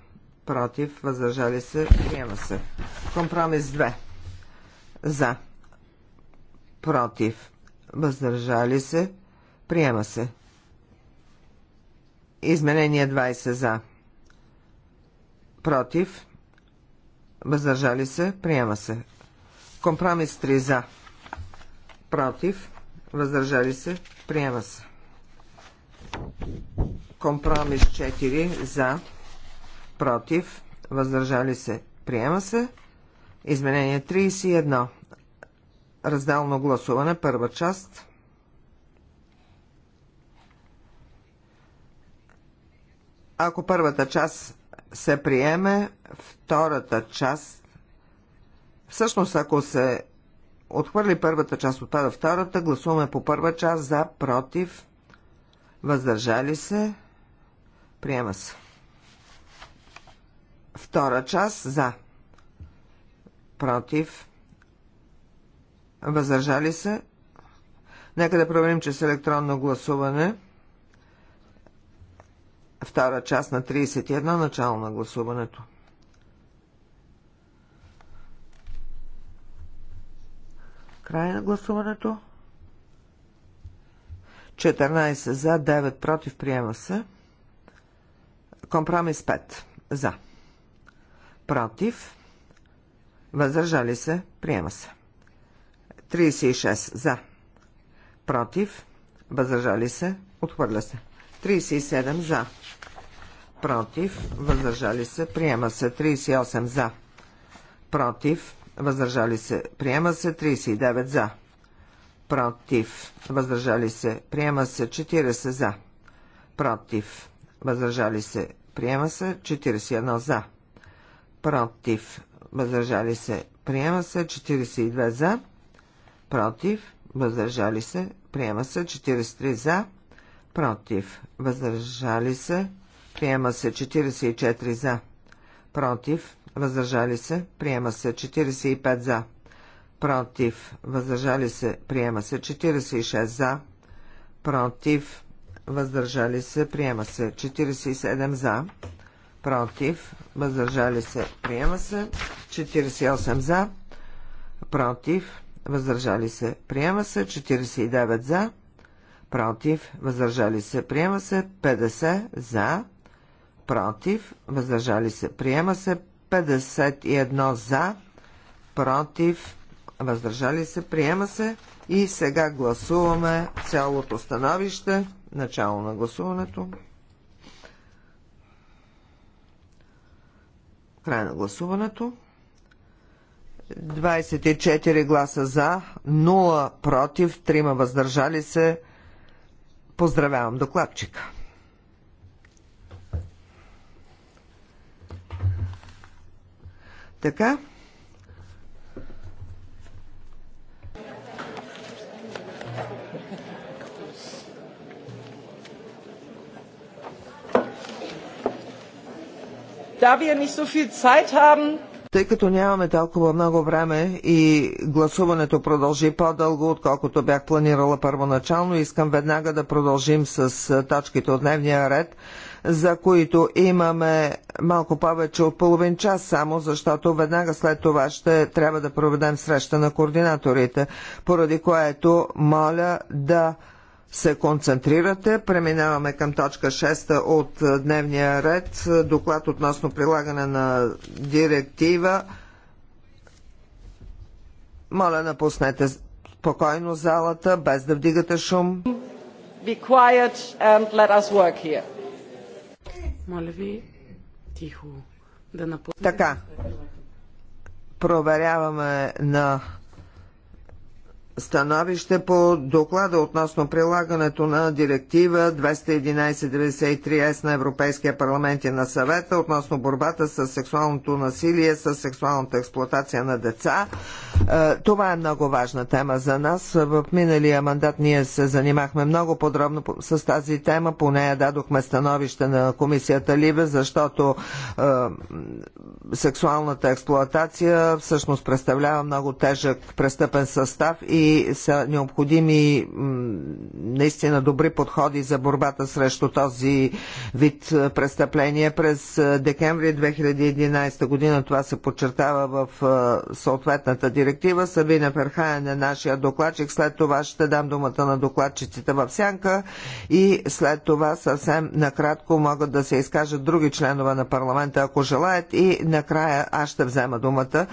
против, въздържали се, приема се. Компромис 2 за, против, въздържали се, приема се. Изменение 20 за, против, въздържали се, приема се. Компромис 3 за, против, въздържали се, приема се. Компромис 4 за, против, въздържали се, приема се. Изменение 31. Разделно гласуване, първа част. Ако първата част се приеме втората част, всъщност ако се отхвърли първата част, отпада втората, гласуваме по първа част за, против, въздържали се, приема се. Втора част за, против, въздържали се. Нека да проверим, че с електронно гласуване – Втора част на 31. Начало на гласуването. Край на гласуването. 14 за, 9 против, приема се. Компромис 5 за. Против. Въздържали се, приема се. 36 за. Против. Въздържали се, отхвърля се. 37 за. Против. Въздържали се. Приема се. 38 за. Против. Въздържали се. Приема се. 39 за. Против. Въздържали се. Приема се. 40 за. Против. Въздържали се. Приема се. 41 за. Против. Въздържали се. Приема се. 42 за. Против. Въздържали се. Приема се. 43 за против, въздържали се, приема се 44 за, против, въздържали се, приема се 45 за, против, въздържали се, приема се 46 за, против, въздържали се, приема се 47 за, против, въздържали се, приема се 48 за, против, въздържали се, приема се 49 за, против, въздържали се, приема се 50 за, против, въздържали се, приема се 51 за, против, въздържали се, приема се и сега гласуваме цялото становище, начало на гласуването. Край на гласуването. 24 гласа за, 0 против, 3 въздържали се. Поздравявам докладчика. Така. Da wir nicht so viel Zeit haben, тъй като нямаме толкова много време и гласуването продължи по-дълго, отколкото бях планирала първоначално, искам веднага да продължим с точките от дневния ред за които имаме малко повече от половин час само, защото веднага след това ще трябва да проведем среща на координаторите, поради което моля да се концентрирате. Преминаваме към точка 6 от е, дневния ред. Доклад относно прилагане на директива. Моля, напуснете спокойно залата, без да вдигате шум. Be quiet and let us work here. Моля ви, тихо да напуснете. Така. Проверяваме на становище по доклада относно прилагането на директива 211-93-ЕС на Европейския парламент и на съвета относно борбата с сексуалното насилие, с сексуалната експлуатация на деца. Е, това е много важна тема за нас. В миналия мандат ние се занимахме много подробно с тази тема. По нея дадохме становище на комисията Либе, защото е, сексуалната експлуатация всъщност представлява много тежък престъпен състав и са необходими наистина добри подходи за борбата срещу този вид престъпления. През декември 2011 година това се подчертава в съответната директива. Сабина Ферхаен е нашия докладчик. След това ще дам думата на докладчиците в сянка и след това съвсем накратко могат да се изкажат други членове на парламента, ако желаят и накрая аз ще взема думата.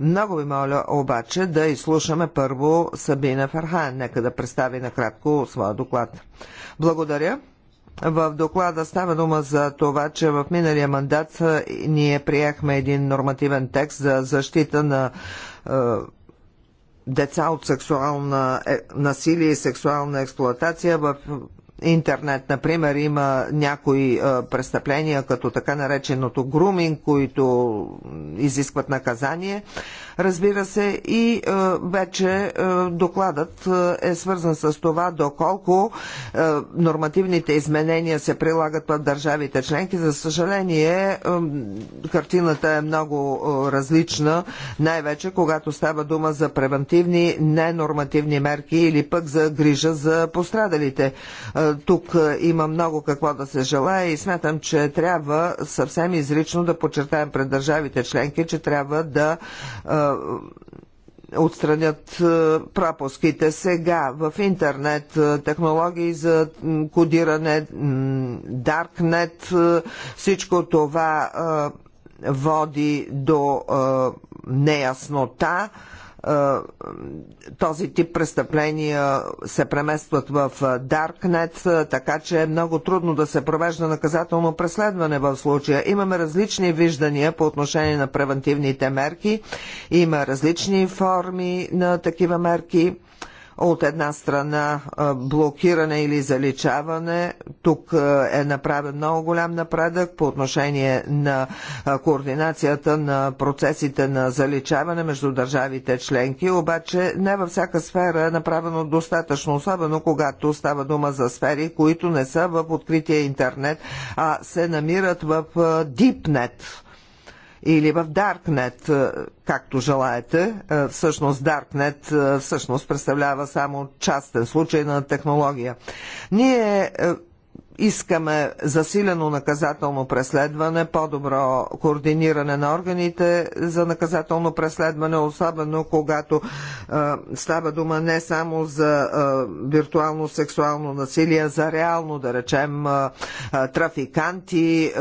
Много ви моля обаче да изслушаме първо Сабина Фархан. Нека да представи накратко своя доклад. Благодаря. В доклада става дума за това, че в миналия мандат ние приехме един нормативен текст за защита на е, деца от сексуална е, насилие и сексуална експлоатация в интернет, например, има някои е, престъпления, като така нареченото груминг, които изискват наказание, разбира се, и е, вече е, докладът е свързан с това доколко нормативните изменения се прилагат в държавите членки. За съжаление, картината е много различна, най-вече когато става дума за превентивни, ненормативни мерки или пък за грижа за пострадалите. Тук има много какво да се желая и смятам, че трябва съвсем изрично да подчертаем пред държавите членки, че трябва да отстранят пропуските. Сега в интернет технологии за кодиране, даркнет, всичко това води до неяснота този тип престъпления се преместват в Даркнет, така че е много трудно да се провежда наказателно преследване в случая. Имаме различни виждания по отношение на превентивните мерки, има различни форми на такива мерки от една страна блокиране или заличаване. Тук е направен много голям напредък по отношение на координацията на процесите на заличаване между държавите членки, обаче не във всяка сфера е направено достатъчно, особено когато става дума за сфери, които не са в открития интернет, а се намират в дипнет или в Даркнет, е, както желаете. Е, всъщност Даркнет е, всъщност представлява само частен случай на технология. Ние искаме засилено наказателно преследване, по-добро координиране на органите за наказателно преследване, особено когато е, става дума не само за е, виртуално сексуално насилие, за реално, да речем, е, е трафиканти, е,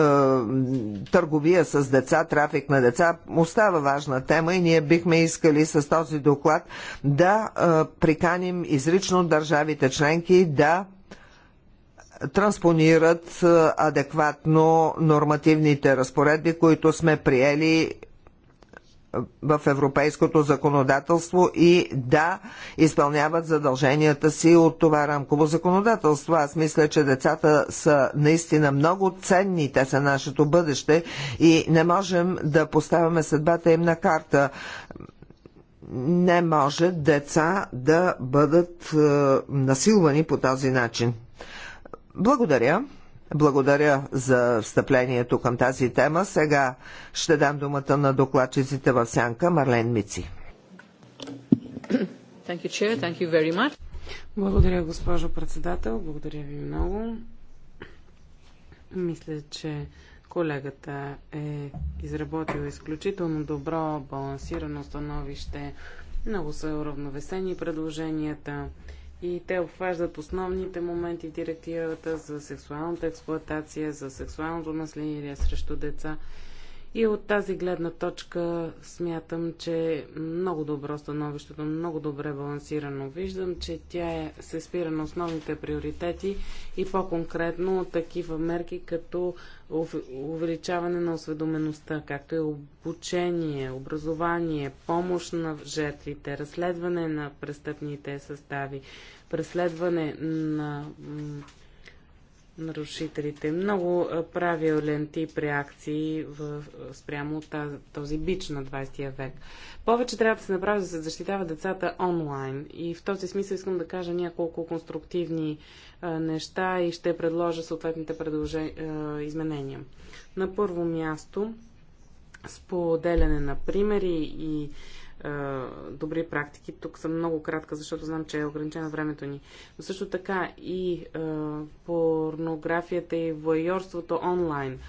търговия с деца, трафик на деца. Остава важна тема и ние бихме искали с този доклад да е, приканим изрично държавите членки да транспонират е, адекватно нормативните разпоредби, които сме приели е, в европейското законодателство и да изпълняват задълженията си от това рамково законодателство. Аз мисля, че децата са наистина много ценни, те са нашето бъдеще и не можем да поставяме съдбата им на карта. Не може деца да бъдат е, насилвани по този начин. Благодаря. Благодаря за встъплението към тази тема. Сега ще дам думата на докладчиците в сянка Марлен Мици. Благодаря, госпожо председател. Благодаря ви много. Мисля, че колегата е изработил изключително добро, балансирано становище. Много са уравновесени предложенията и те обхващат основните моменти в директивата за сексуалната експлоатация, за сексуалното наследие срещу деца и от тази гледна точка смятам, че е много добро становището, много добре балансирано. Виждам, че тя е, се спира на основните приоритети и по-конкретно такива мерки като увеличаване на осведомеността, както и обучение, образование, помощ на жертвите, разследване на престъпните състави, преследване на нарушителите. Много правилен тип реакции в, спрямо този бич на 20 век. Повече трябва да се направи да се защитава децата онлайн. И в този смисъл искам да кажа няколко конструктивни а, неща и ще предложа съответните а, изменения. На първо място, споделяне на примери и добри практики. Тук съм много кратка, защото знам, че е ограничено времето ни. Но също така и порнографията и воеорството онлайн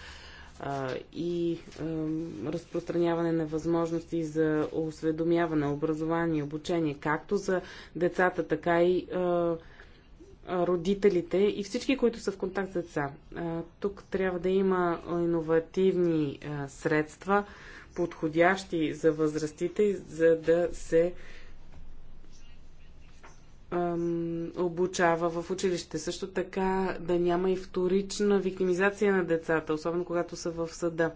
и разпространяване на възможности за осведомяване, образование, обучение, както за децата, така и родителите и всички, които са в контакт с деца. Тук трябва да има иновативни средства, подходящи за възрастите, за да се ам, обучава в училище. Също така да няма и вторична виктимизация на децата, особено когато са в съда.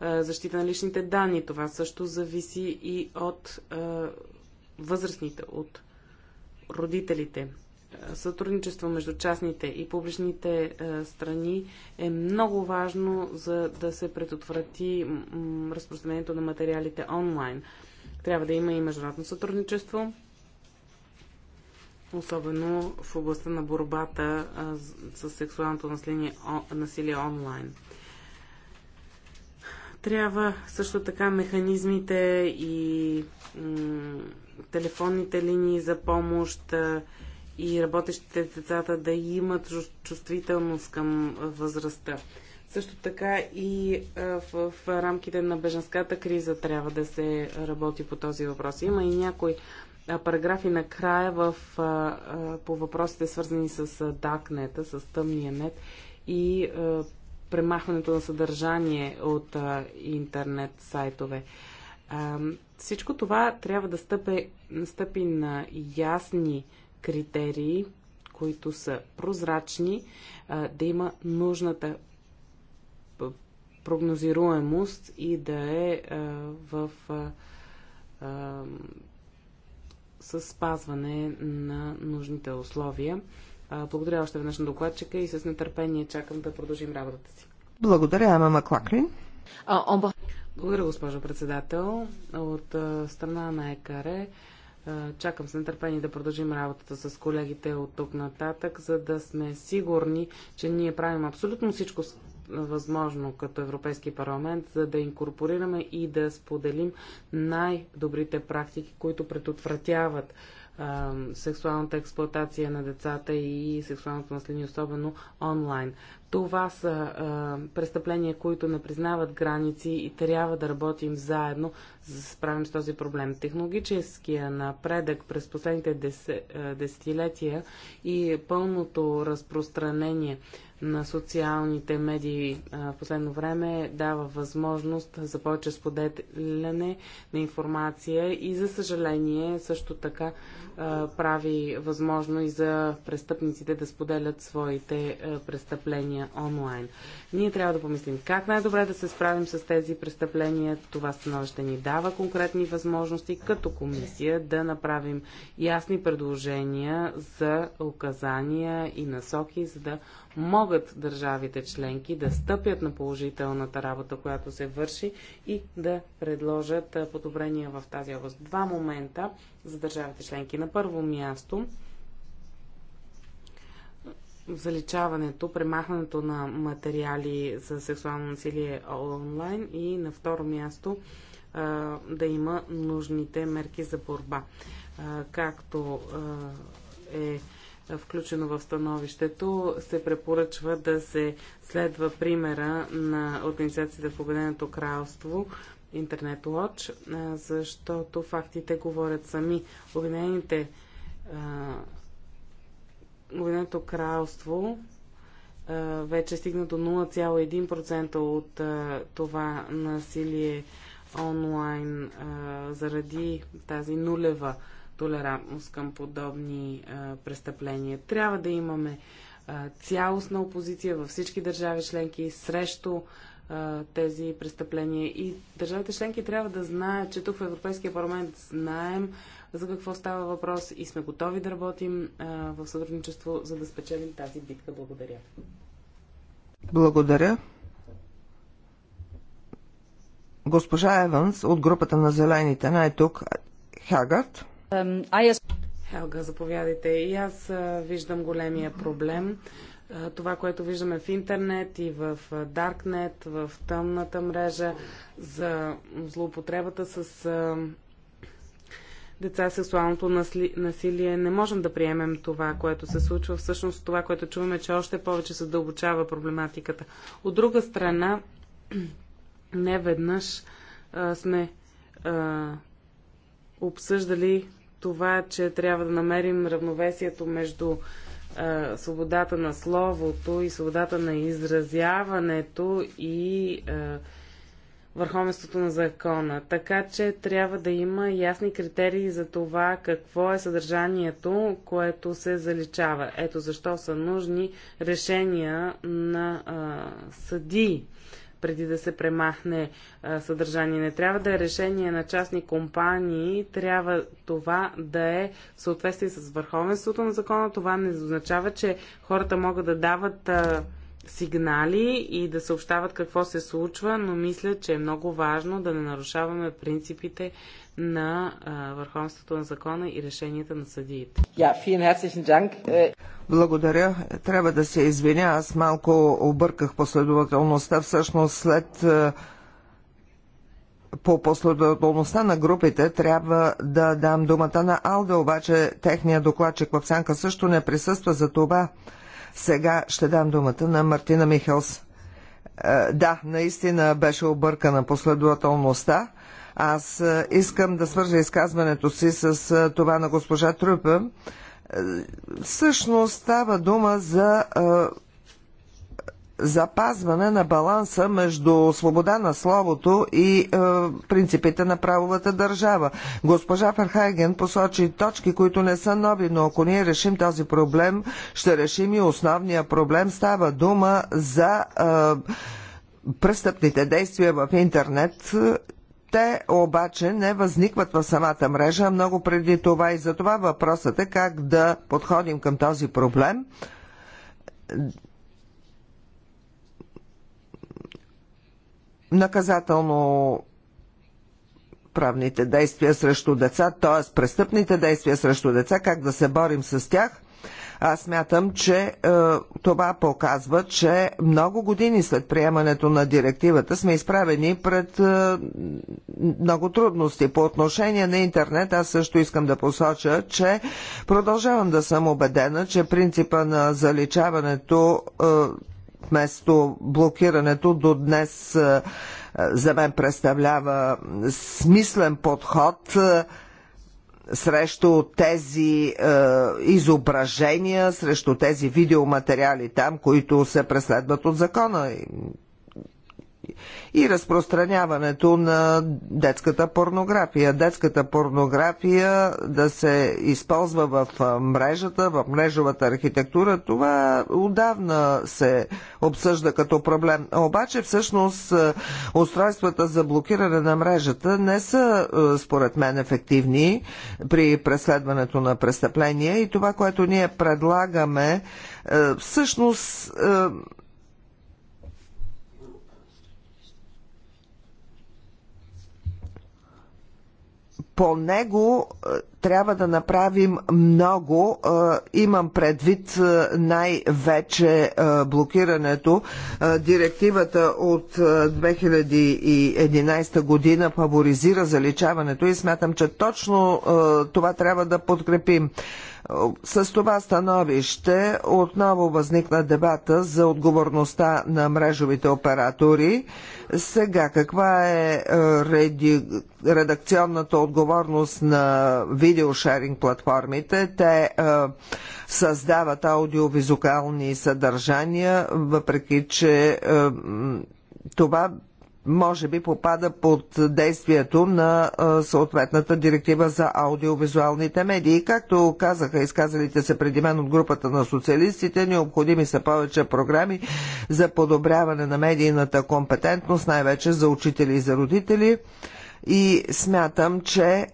А, защита на личните данни. Това също зависи и от а, възрастните, от родителите сътрудничество между частните и публичните е, страни е много важно, за да се предотврати разпространението на материалите онлайн. Трябва да има и международно сътрудничество, особено в областта на борбата е, с сексуалното насилие онлайн трябва също така механизмите и телефонните линии за помощ е, и работещите децата да имат чувствителност към възрастта. Също така и в, рамките на беженската криза трябва да се работи по този въпрос. Има и някои параграфи накрая в, по въпросите свързани с дакнета, с тъмния нет и премахването на съдържание от интернет сайтове. всичко това трябва да стъпи на ясни критерии, които са прозрачни, да има нужната прогнозируемост и да е в със спазване на нужните условия. Благодаря още веднъж на докладчика и с нетърпение чакам да продължим работата си. Благодаря, Ама Маклаклин. Благодаря, госпожо председател. От страна на ЕКАРЕ е, чакам с нетърпение да продължим работата с колегите от тук нататък, за да сме сигурни, че ние правим абсолютно всичко възможно като Европейски парламент, за да инкорпорираме и да споделим най-добрите практики, които предотвратяват е, сексуалната експлоатация на децата и сексуалното наследие, особено онлайн. Това са а, престъпления, които не признават граници и трябва да работим заедно, за да се справим с този проблем. Технологическия напредък през последните дес, а, десетилетия и пълното разпространение на социалните медии а, в последно време дава възможност за повече споделяне на информация и за съжаление също така а, прави възможно и за престъпниците да споделят своите а, престъпления престъпления онлайн. Ние трябва да помислим как най-добре да се справим с тези престъпления. Това становище ни дава конкретни възможности като комисия да направим ясни предложения за указания и насоки, за да могат държавите членки да стъпят на положителната работа, която се върши и да предложат подобрения в тази област. Два момента за държавите членки. На първо място, заличаването, премахването на материали за сексуално насилие онлайн и на второ място да има нужните мерки за борба. Както е включено в становището, се препоръчва да се следва примера на Организацията в Обединеното кралство Интернет Watch, защото фактите говорят сами. Обединените Обединеното кралство вече е стигна до 0,1% от това насилие онлайн заради тази нулева толерантност към подобни престъпления. Трябва да имаме цялостна опозиция във всички държави членки срещу а, тези престъпления. И държавите членки трябва да знаят, че тук в Европейския парламент знаем за какво става въпрос и сме готови да работим а, в сътрудничество, за да спечелим тази битка. Благодаря. Благодаря. Госпожа Еванс от групата на зелените най е тук. Хагард. Хелга, заповядайте. И аз виждам големия проблем това, което виждаме в интернет и в Даркнет, в тъмната мрежа, за злоупотребата с деца, сексуалното насилие. Не можем да приемем това, което се случва. Всъщност това, което чуваме, че още повече се дълбочава проблематиката. От друга страна, не веднъж а, сме а, обсъждали това, че трябва да намерим равновесието между свободата на словото и свободата на изразяването и върховенството на закона. Така че трябва да има ясни критерии за това какво е съдържанието, което се заличава. Ето защо са нужни решения на съдии преди да се премахне а, съдържание. Не трябва да е решение на частни компании, трябва това да е в съответствие с върховенството на закона. Това не означава, че хората могат да дават а, сигнали и да съобщават какво се случва, но мисля, че е много важно да не нарушаваме принципите на а, върховенството на закона и решенията на съдиите. Äh, Благодаря. Трябва да се извиня. Аз малко обърках последователността. Всъщност след е, по последователността на групите трябва да дам думата на Алда, обаче техния докладчик в Сянка също не присъства за това. Сега ще дам думата на Мартина Михелс. Е, да, наистина беше объркана последователността. Аз е, искам да свържа изказването си с е, това на госпожа Трупа. Е, всъщност става дума за запазване на баланса между свобода на словото и е, принципите на правовата държава. Госпожа Ферхайген посочи точки, които не са нови, но ако ние решим този проблем, ще решим и основния проблем. Става дума за е, престъпните действия в интернет те обаче не възникват в самата мрежа, много преди това и за това въпросът е как да подходим към този проблем. Наказателно правните действия срещу деца, т.е. престъпните действия срещу деца, как да се борим с тях аз смятам, че е, това показва, че много години след приемането на директивата сме изправени пред е, много трудности. По отношение на интернет, аз също искам да посоча, че продължавам да съм убедена, че принципа на заличаването е, вместо блокирането до днес е, за мен представлява смислен подход. Е, срещу тези е, изображения, срещу тези видеоматериали там, които се преследват от закона и разпространяването на детската порнография. Детската порнография да се използва в мрежата, в мрежовата архитектура, това отдавна се обсъжда като проблем. Обаче всъщност устройствата за блокиране на мрежата не са според мен ефективни при преследването на престъпления и това, което ние предлагаме всъщност по него е, трябва да направим много. Е, имам предвид е, най-вече блокирането. Директивата от 2011 година фаворизира заличаването и смятам, че точно това трябва да подкрепим. С това становище отново възникна дебата за отговорността на мрежовите оператори. Сега, каква е, е реди... редакционната отговорност на видеошеринг платформите? Те е, създават аудиовизуални съдържания, въпреки че е, това може би попада под действието на съответната директива за аудиовизуалните медии. Както казаха изказалите се преди мен от групата на социалистите, необходими са повече програми за подобряване на медийната компетентност, най-вече за учители и за родители. И смятам, че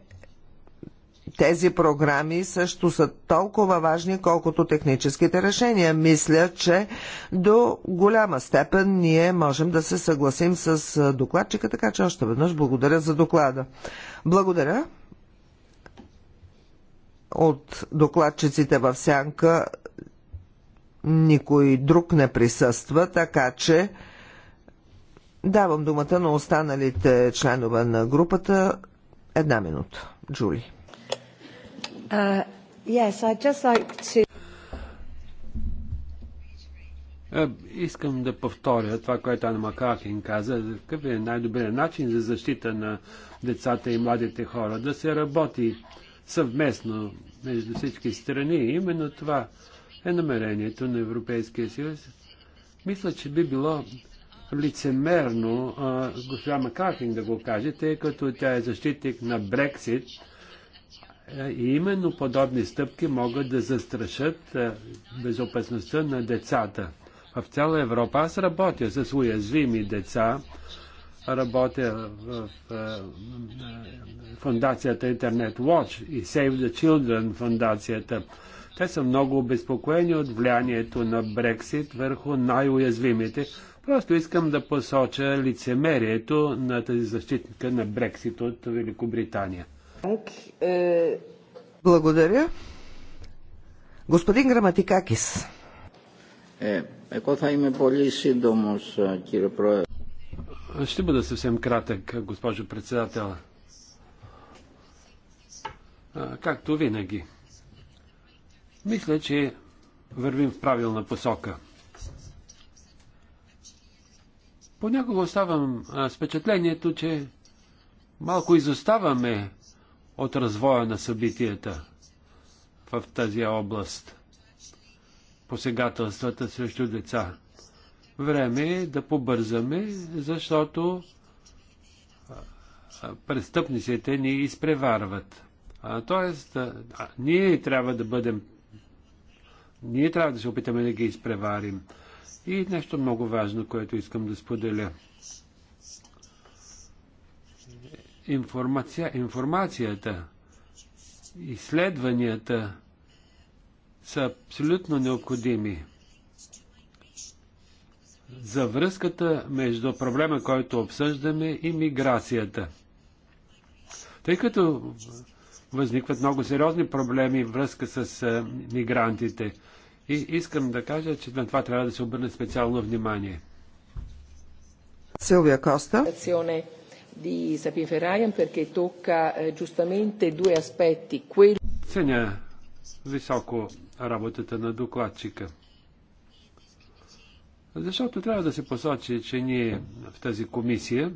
тези програми също са толкова важни, колкото техническите решения. Мисля, че до голяма степен ние можем да се съгласим с докладчика, така че още веднъж благодаря за доклада. Благодаря от докладчиците в сянка никой друг не присъства, така че давам думата на останалите членове на групата. Една минута. Джули. Uh, yes, I'd just like to... Е, искам да повторя това, което Анна Макакин каза. Какъв е най-добрият начин за защита на децата и младите хора? Да се работи съвместно между всички страни. Именно това е намерението на Европейския съюз. Мисля, че би било лицемерно госпожа Макахин да го каже, тъй като тя е защитник на Брексит и именно подобни стъпки могат да застрашат безопасността на децата. В цяла Европа аз работя с уязвими деца, работя в, фундацията Internet Watch и Save the Children фундацията. Те са много обезпокоени от влиянието на Брексит върху най-уязвимите. Просто искам да посоча лицемерието на тази защитника на Брексит от Великобритания. Euh, Благодаря. Господин Граматикакис. Е, това има по-лиши σύντομος, κύριε Πρόεδρε. Ще бъда съвсем кратък, госпожо председател. Както винаги. Мисля, че вървим в правилна посока. Понякога оставам с впечатлението, че малко изоставаме от развоя на събитията в тази област. Посегателствата срещу деца. Време е да побързаме, защото престъпниците ни изпреварват. А, тоест, а, ние трябва да бъдем. Ние трябва да се опитаме да ги изпреварим. И нещо много важно, което искам да споделя. информация, информацията, изследванията са абсолютно необходими за връзката между проблема, който обсъждаме и миграцията. Тъй като възникват много сериозни проблеми в връзка с мигрантите. И искам да кажа, че на това трябва да се обърне специално внимание. Силвия Коста di Sapir Ferrajan perché tocca eh, giustamente due aspetti. Quello... Ценя високо работата на докладчика. Защото трябва да се посочи, че ние в тази комисия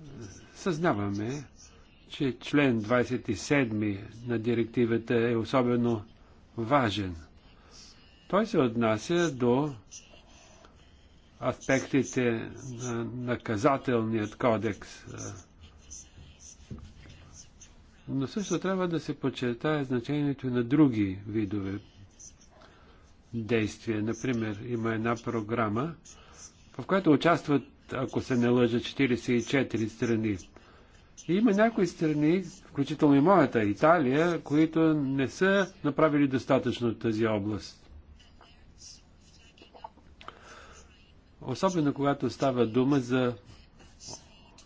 е, съзнаваме, че член 27 на директивата е особено важен. Той се отнася до аспектите на наказателният кодекс. Но също трябва да се подчертае значението на други видове действия. Например, има една програма, в която участват, ако се не лъжа, 44 страни. И има някои страни, включително и моята Италия, които не са направили достатъчно тази област. особено когато става дума за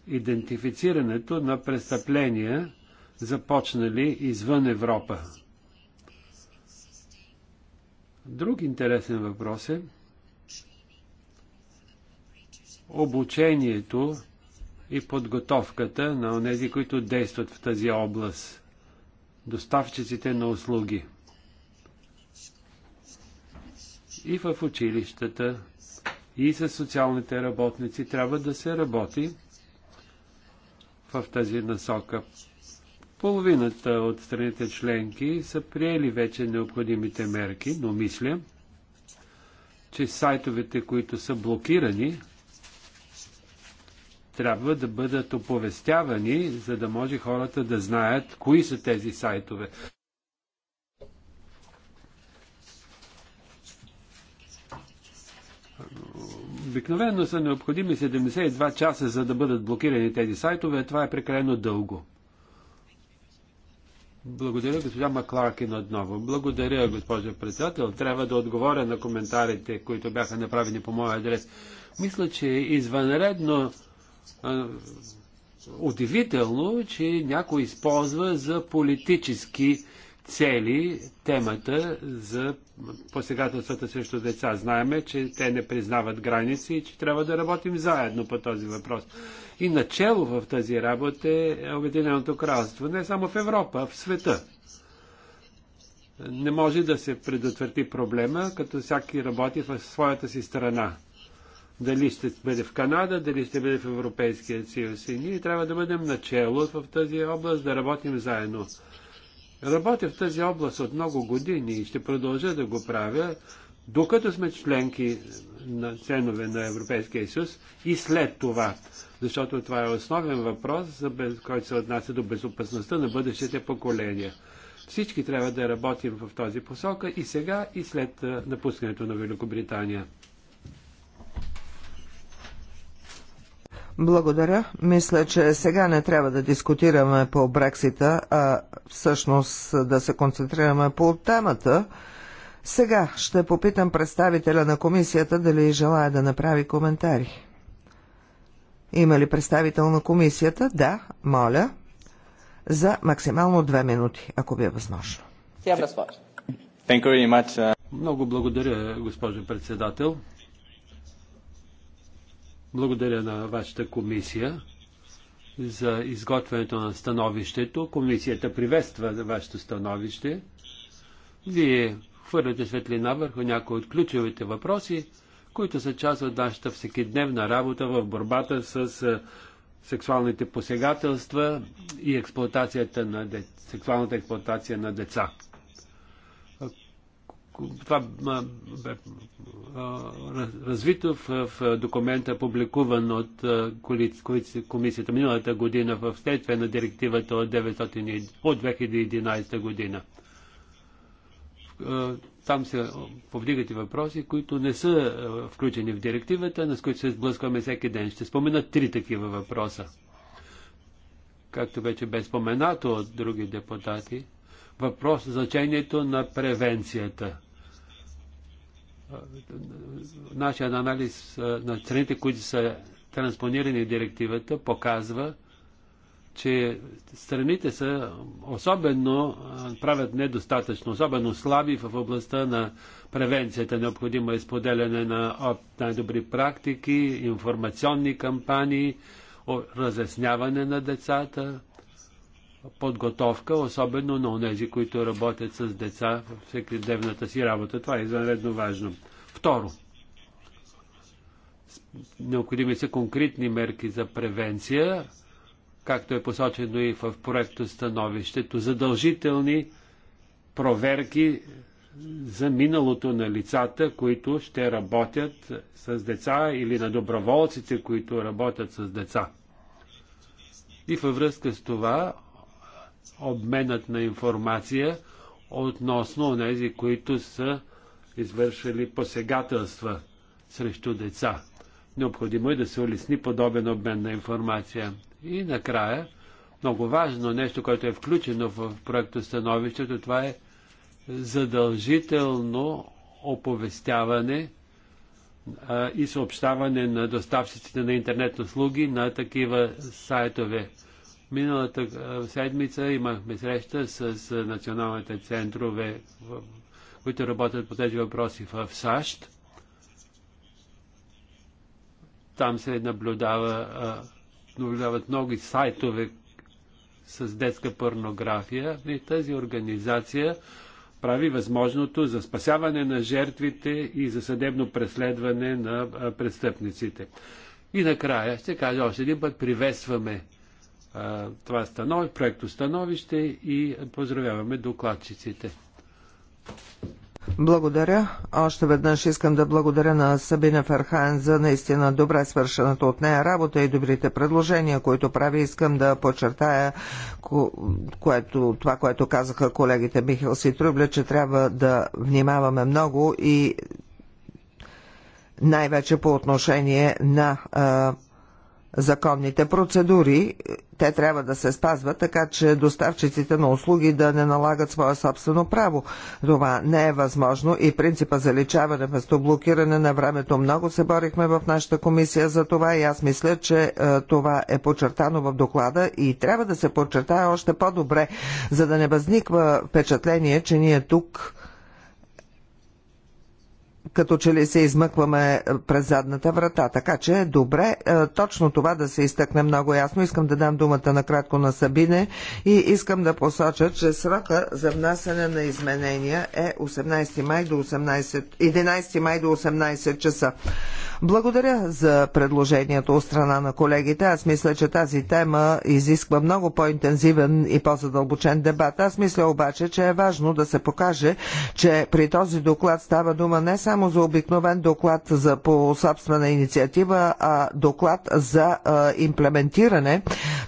идентифицирането на престъпления, започнали извън Европа. Друг интересен въпрос е обучението и подготовката на онези, които действат в тази област, доставчиците на услуги. И в училищата, и с социалните работници. Трябва да се работи в тази насока. Половината от страните членки са приели вече необходимите мерки, но мисля, че сайтовете, които са блокирани, трябва да бъдат оповестявани, за да може хората да знаят кои са тези сайтове. Обикновено са необходими 72 часа, за да бъдат блокирани тези сайтове. Това е прекалено дълго. Благодаря, госпожа Макларкин, отново. Благодаря, госпожа председател. Трябва да отговоря на коментарите, които бяха направени по моя адрес. Мисля, че е извънредно а, удивително, че някой използва за политически цели темата за посегателствата срещу деца. Знаеме, че те не признават граници и че трябва да работим заедно по този въпрос. И начало в тази работа е Обединеното кралство, не само в Европа, а в света. Не може да се предотврати проблема, като всяки работи в своята си страна. Дали ще бъде в Канада, дали ще бъде в Европейския съюз. И ние трябва да бъдем начало в тази област, да работим заедно. Работя в тази област от много години и ще продължа да го правя, докато сме членки на членове на Европейския съюз и след това, защото това е основен въпрос, за без, който се отнася до безопасността на бъдещите поколения. Всички трябва да работим в този посока и сега, и след напускането на Великобритания. Благодаря. Мисля, че сега не трябва да дискутираме по Брексита, а всъщност да се концентрираме по темата. Сега ще попитам представителя на комисията дали желая да направи коментари. Има ли представител на комисията? Да, моля. За максимално две минути, ако ви е възможно. Uh, Много благодаря, госпожо председател. Благодаря на вашата комисия за изготвянето на становището. Комисията приветства за вашето становище. Вие хвърляте светлина върху някои от ключовите въпроси, които са част от нашата всекидневна работа в борбата с е, сексуалните посегателства и експлуатацията на дет... сексуалната експлуатация на деца това бе развито в, в документа, публикуван от комисията миналата година в следствие на директивата от, 900, от 2011 година. Там се повдигат и въпроси, които не са включени в директивата, на с които се сблъскваме всеки ден. Ще спомена три такива въпроса. Както вече бе споменато от други депутати – въпрос значението на превенцията. Нашият анализ на страните, които са транспонирани директивата, показва, че страните са особено правят недостатъчно, особено слаби в областта на превенцията. Необходимо е споделяне на най-добри практики, информационни кампании, разясняване на децата, подготовка, особено на онези, които работят с деца в всеки дневната си работа. Това е извънредно важно. Второ, необходими са конкретни мерки за превенция, както е посочено и в проекто становището, задължителни проверки за миналото на лицата, които ще работят с деца или на доброволците, които работят с деца. И във връзка с това обменът на информация относно тези, които са извършили посегателства срещу деца. Необходимо е да се улесни подобен обмен на информация. И накрая, много важно нещо, което е включено в проекта становището, това е задължително оповестяване а, и съобщаване на доставчиците на интернет услуги на такива сайтове. Миналата седмица имахме среща с националните центрове, които работят по тези въпроси в САЩ. Там се наблюдава, наблюдават много сайтове с детска порнография и тази организация прави възможното за спасяване на жертвите и за съдебно преследване на престъпниците. И накрая ще кажа още един път, приветстваме това е станов, проекто становище и поздравяваме докладчиците. Благодаря. Още веднъж искам да благодаря на Сабина Ферхайн за наистина добре свършената от нея работа и добрите предложения, които прави. Искам да подчертая което, това, което казаха колегите Михил Ситрубля, че трябва да внимаваме много и най-вече по отношение на а, законните процедури те трябва да се спазват, така че доставчиците на услуги да не налагат свое собствено право. Това не е възможно и принципа за личаване вместо блокиране на времето много се борихме в нашата комисия за това и аз мисля, че е, това е подчертано в доклада и трябва да се подчертае още по-добре, за да не възниква впечатление, че ние тук като че ли се измъкваме е, през задната врата. Така че е добре точно това да се изтъкне много ясно. Искам да дам думата накратко на Сабине и искам да посоча, че срока за внасяне на изменения е 18 май до 18, 11 май до 18 часа. Благодаря за предложението от страна на колегите. Аз мисля, че тази тема изисква много по-интензивен и по-задълбочен дебат. Аз мисля обаче, че е важно да се покаже, че при този доклад става дума не само за обикновен доклад за по собствена инициатива, а доклад за а, имплементиране,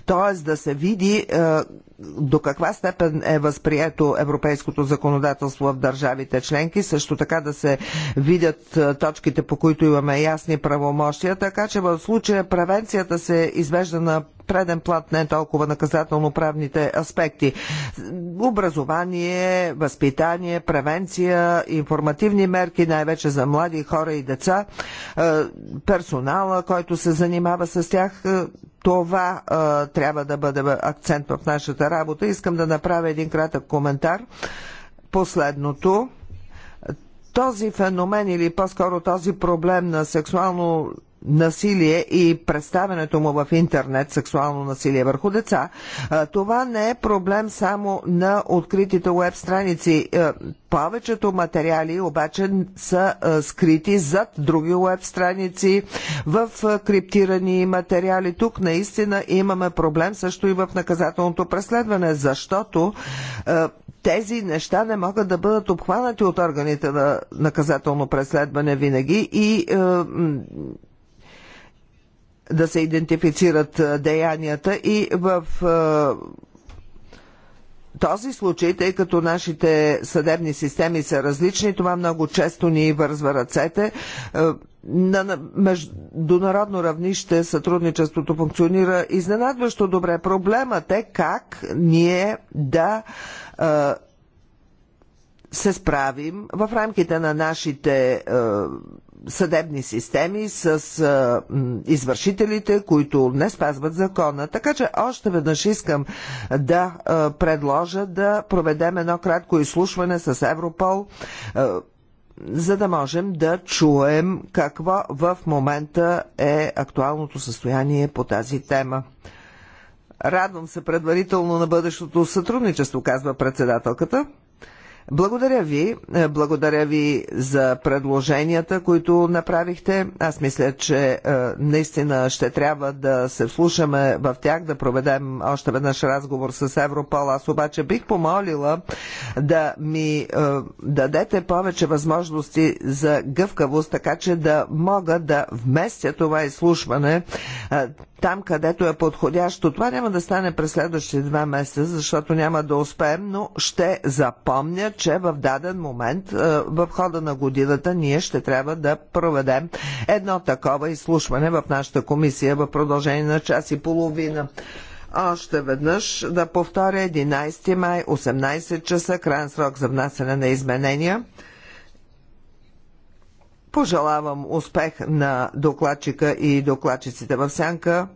т.е. да се види а, до каква степен е възприето европейското законодателство в държавите членки, също така да се видят е, точките, по които имаме ясни правомощия, така че в случая превенцията се извежда на преден плат не е толкова наказателно-правните аспекти. Образование, възпитание, превенция, информативни мерки, най-вече за млади хора и деца, е, персонала, който се занимава с тях, е, това трябва да бъде акцент в нашата работа. Искам да направя един кратък коментар. Последното този феномен или по-скоро този проблем на сексуално насилие и представенето му в интернет, сексуално насилие върху деца, това не е проблем само на откритите веб страници. Повечето материали обаче са скрити зад други веб страници, в криптирани материали. Тук наистина имаме проблем също и в наказателното преследване, защото тези неща не могат да бъдат обхванати от органите на наказателно преследване винаги и да се идентифицират деянията и в този случай, тъй като нашите съдебни системи са различни, това много често ни вързва ръцете. На международно равнище сътрудничеството функционира изненадващо добре. Проблемът е как ние да се справим в рамките на нашите съдебни системи с извършителите, които не спазват закона. Така че още веднъж искам да предложа да проведем едно кратко изслушване с Европол за да можем да чуем какво в момента е актуалното състояние по тази тема. Радвам се предварително на бъдещото сътрудничество, казва председателката. Благодаря ви. Е, благодаря ви за предложенията, които направихте. Аз мисля, че е, наистина ще трябва да се вслушаме в тях, да проведем още веднъж разговор с Европол. Аз обаче бих помолила да ми е, дадете повече възможности за гъвкавост, така че да мога да вместя това изслушване там, където е подходящо. Това няма да стане през следващите два месеца, защото няма да успеем, но ще запомня, че в даден момент, е, в хода на годината, ние ще трябва да проведем едно такова изслушване в нашата комисия в продължение на час и половина. Още веднъж да повторя 11 май, 18 часа, крайен срок за внасяне на изменения. Пожелавам успех на докладчика и докладчиците в сянка.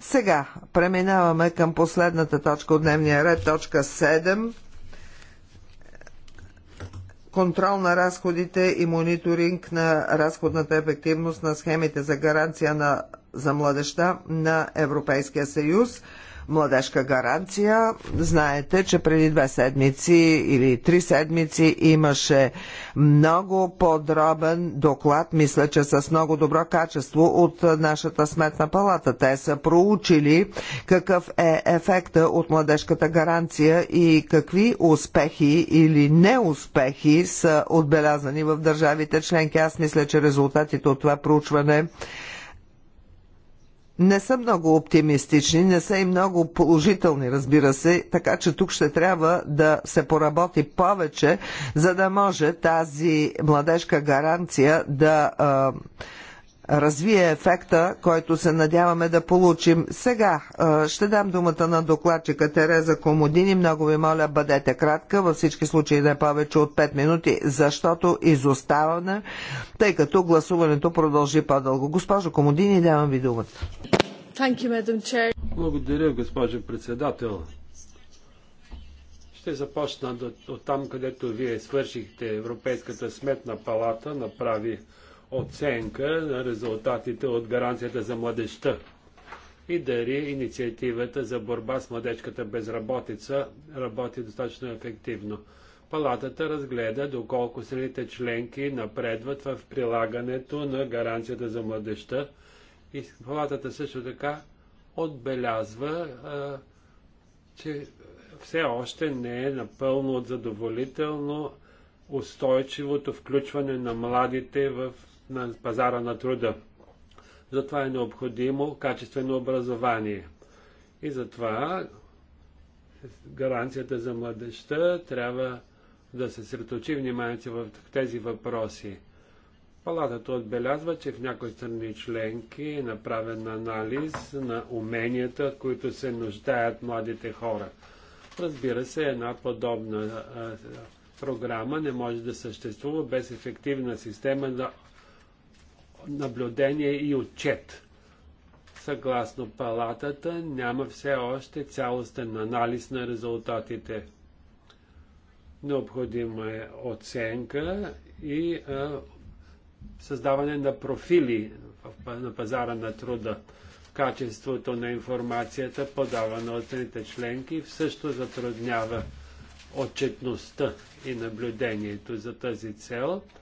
Сега преминаваме към последната точка от дневния ред, точка 7 контрол на разходите и мониторинг на разходната ефективност на схемите за гаранция на, за младеща на Европейския съюз – младежка гаранция. Знаете, че преди две седмици или три седмици имаше много подробен доклад, мисля, че с много добро качество от нашата сметна палата. Те са проучили какъв е ефекта от младежката гаранция и какви успехи или неуспехи са отбелязани в държавите членки. Аз мисля, че резултатите от това проучване не са много оптимистични, не са и много положителни, разбира се, така че тук ще трябва да се поработи повече, за да може тази младежка гаранция да. А, развие ефекта, който се надяваме да получим. Сега ще дам думата на докладчика Тереза Комодини. Много ви моля, бъдете кратка, във всички случаи не повече от 5 минути, защото изоставане, тъй като гласуването продължи по-дълго. Госпожо Комодини, давам ви думата. Благодаря, госпожо председател. Ще започна от там, където вие свършихте Европейската сметна палата, направи оценка на резултатите от гаранцията за младеща и дари инициативата за борба с младежката безработица работи достатъчно ефективно. Палатата разгледа доколко страните членки напредват в прилагането на гаранцията за младеща и палатата също така отбелязва, а, че все още не е напълно задоволително устойчивото включване на младите в на пазара на труда. Затова е необходимо качествено образование. И затова гаранцията за младеща трябва да се среточи вниманието в тези въпроси. Палатата отбелязва, че в някои страни членки е направен анализ на уменията, които се нуждаят младите хора. Разбира се, една подобна а, програма не може да съществува без ефективна система за наблюдение и отчет. Съгласно палатата няма все още цялостен анализ на резултатите. Необходима е оценка и а, създаване на профили на пазара на труда. Качеството на информацията, подавана от трите членки, също затруднява отчетността и наблюдението за тази цел –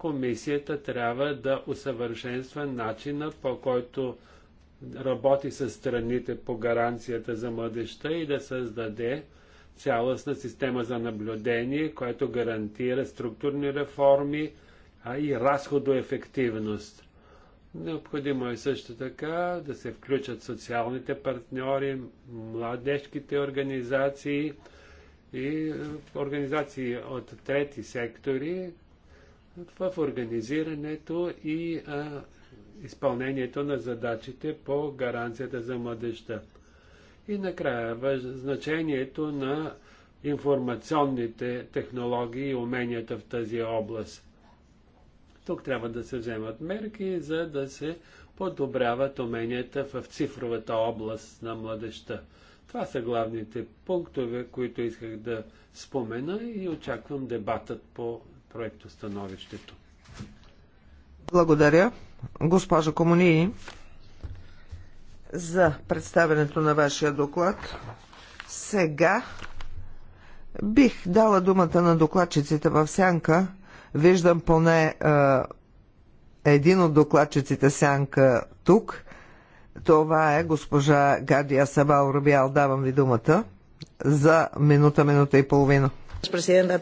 комисията трябва да усъвършенства начина по който работи с страните по гаранцията за младеща и да създаде цялостна система за наблюдение, която гарантира структурни реформи, а и разходоефективност. Необходимо е също така да се включат социалните партньори, младежките организации и е, организации от трети сектори, в организирането и а, изпълнението на задачите по гаранцията за младеща. И накрая значението на информационните технологии и уменията в тази област. Тук трябва да се вземат мерки, за да се подобряват уменията в цифровата област на младеща. Това са главните пунктове, които исках да спомена и очаквам дебатът по проектостановището. Благодаря, госпожа Комунии, за представенето на вашия доклад. Сега бих дала думата на докладчиците в сянка. Виждам поне е, един от докладчиците сянка тук. Това е госпожа Гадия Сабал Рубиал. Давам ви думата за минута, минута и половина. Eh,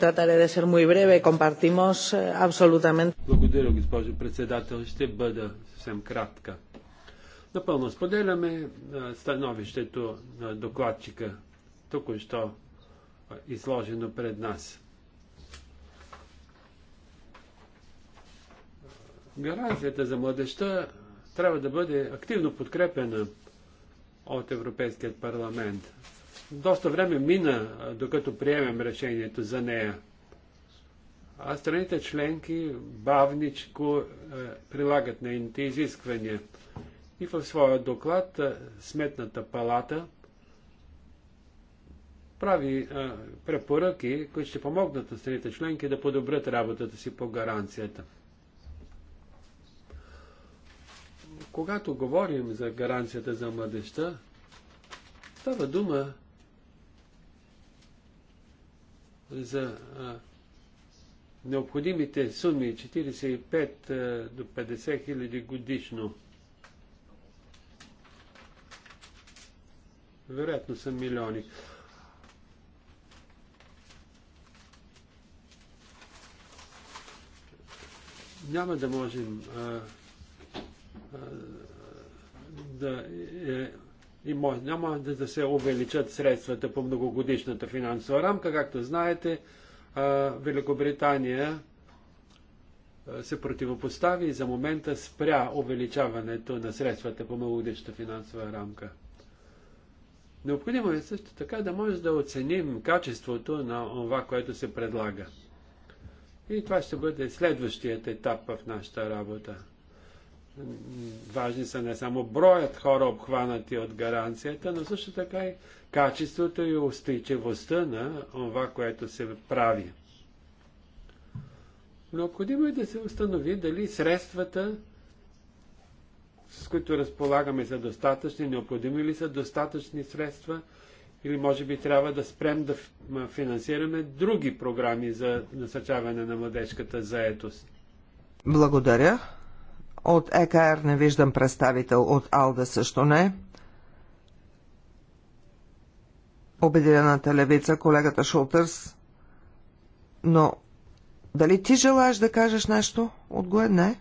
Благодаря, госпожо председател. Ще бъда съвсем кратка. Напълно споделяме е, становището на докладчика, току-що е, изложено пред нас. Гаранцията за младеща трябва да бъде активно подкрепена от Европейският парламент доста време мина, докато приемем решението за нея. А страните членки бавничко е, прилагат нейните изисквания. И в своя доклад е, Сметната палата прави е, препоръки, които ще помогнат на страните членки да подобрят работата си по гаранцията. Когато говорим за гаранцията за младеща, става дума за необходимите суми 45 е до 50 хиляди годишно. Вероятно са милиони. Няма да можем а, а, да е, и може, няма да, да се увеличат средствата по многогодишната финансова рамка. Както знаете, Великобритания се противопостави и за момента спря увеличаването на средствата по многогодишната финансова рамка. Необходимо е също така да може да оценим качеството на това, което се предлага. И това ще бъде следващият етап в нашата работа важни са не само броят хора обхванати от гаранцията, но също така и качеството и устойчивостта на това, което се прави. Необходимо е да се установи дали средствата, с които разполагаме, са достатъчни, необходими ли са достатъчни средства, или може би трябва да спрем да финансираме други програми за насъчаване на младежката заетост. Благодаря. От ЕКР не виждам представител, от АЛДА също не. Обединената левица, колегата Шултърс. Но дали ти желаеш да кажеш нещо? го не.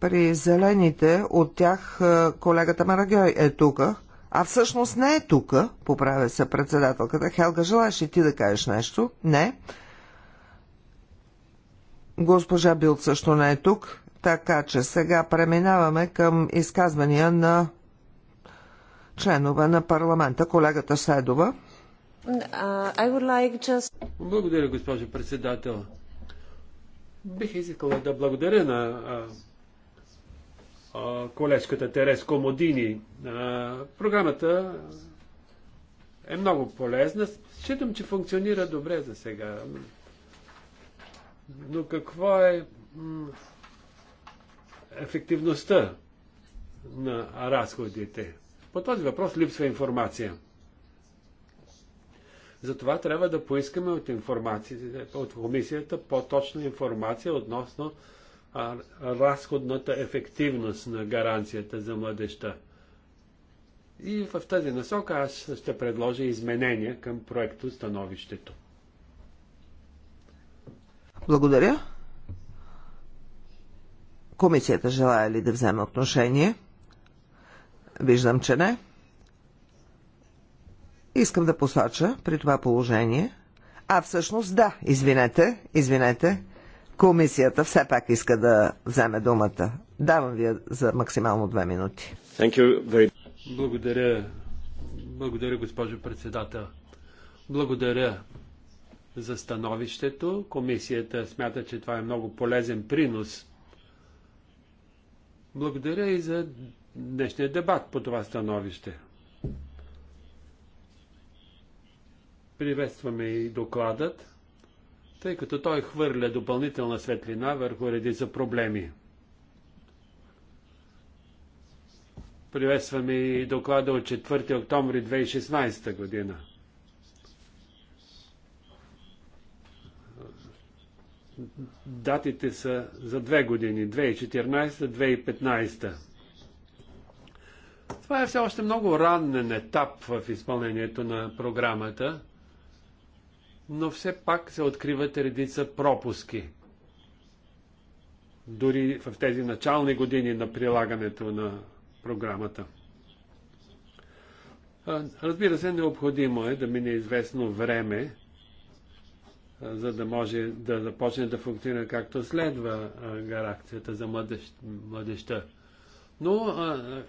При зелените от тях е, колегата Марагьой е тук, а всъщност не е тук, поправя се председателката. Хелга, желаеш ли ти да кажеш нещо? Не. Госпожа Бил също не е тук, така че сега преминаваме към изказвания на членове на парламента. Колегата Седова. Uh, like just... Благодаря, госпожо председател. Бих искала да благодаря на а, а, колежката Терес Комодини. А, програмата е много полезна. Считам, че функционира добре за сега. Но какво е ефективността на разходите? По този въпрос липсва информация. Затова трябва да поискаме от, от комисията по-точна информация относно разходната ефективност на гаранцията за младеща. И в тази насока аз ще предложа изменения към проекто становището. Благодаря. Комисията желая ли да вземе отношение? Виждам, че не. Искам да посоча при това положение. А всъщност да, извинете, извинете. Комисията все пак иска да вземе думата. Давам ви за максимално две минути. Благодаря. Благодаря, госпожо председател. Благодаря за становището. Комисията смята, че това е много полезен принос. Благодаря и за днешния дебат по това становище. Приветстваме и докладът, тъй като той хвърля допълнителна светлина върху редица проблеми. Приветстваме и доклада от 4 октомври 2016 година. датите са за две години 2014-2015. Това е все още много ранен етап в изпълнението на програмата, но все пак се откриват редица пропуски. Дори в тези начални години на прилагането на програмата. Разбира се, необходимо е да мине известно време, за да може да започне да функционира както следва гаракцията за младеж, младеща. Но,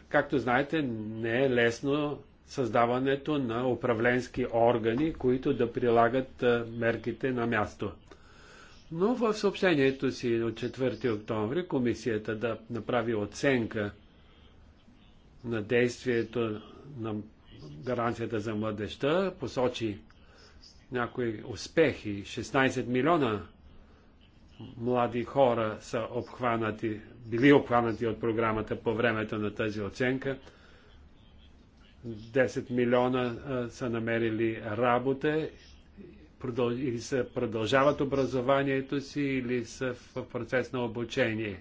както знаете, не е лесно създаването на управленски органи, които да прилагат мерките на място. Но в съобщението си от 4 октомври комисията да направи оценка на действието на гаранцията за младеща, посочи някои успехи. 16 милиона млади хора са обхванати, били обхванати от програмата по времето на тази оценка. 10 милиона са намерили работа или са продължават образованието си или са в процес на обучение.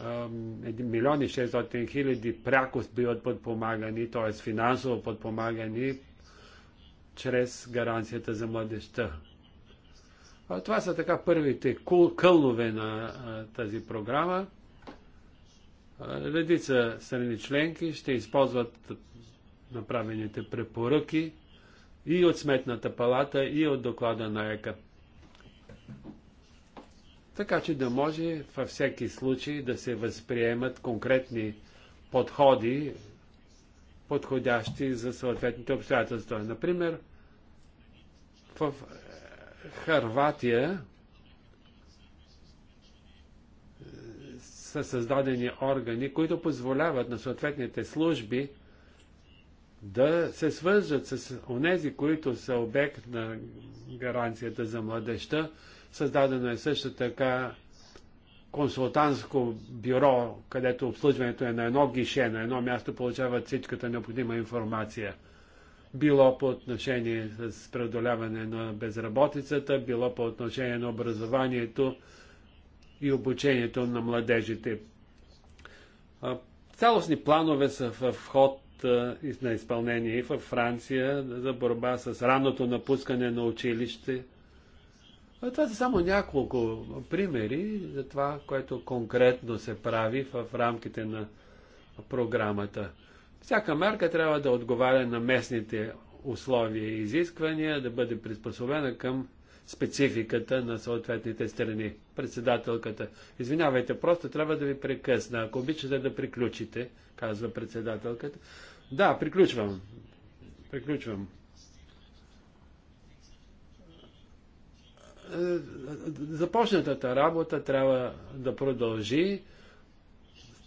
1 милион и 600 хиляди пряко биват подпомагани, т.е. финансово подпомагани чрез гаранцията за младеща. Това са така първите кълнове на тази програма. Редица страни членки ще използват направените препоръки и от Сметната палата, и от доклада на ЕКА. Така че да може във всеки случай да се възприемат конкретни подходи подходящи за съответните обстоятелства. Например, в е, Харватия е, са създадени органи, които позволяват на съответните служби да се свържат с онези, които са обект на гаранцията за младеща. Създадено е също така консултантско бюро, където обслужването е на едно гише, на едно място получават всичката необходима информация. Било по отношение с преодоляване на безработицата, било по отношение на образованието и обучението на младежите. Цялостни планове са в ход на изпълнение и във Франция за борба с ранното напускане на училище – това са само няколко примери за това, което конкретно се прави в рамките на програмата. Всяка марка трябва да отговаря на местните условия и изисквания, да бъде приспособена към спецификата на съответните страни. Председателката, извинявайте, просто трябва да ви прекъсна. Ако обичате да приключите, казва председателката. Да, приключвам. Приключвам. Е, е, започнатата работа трябва да продължи,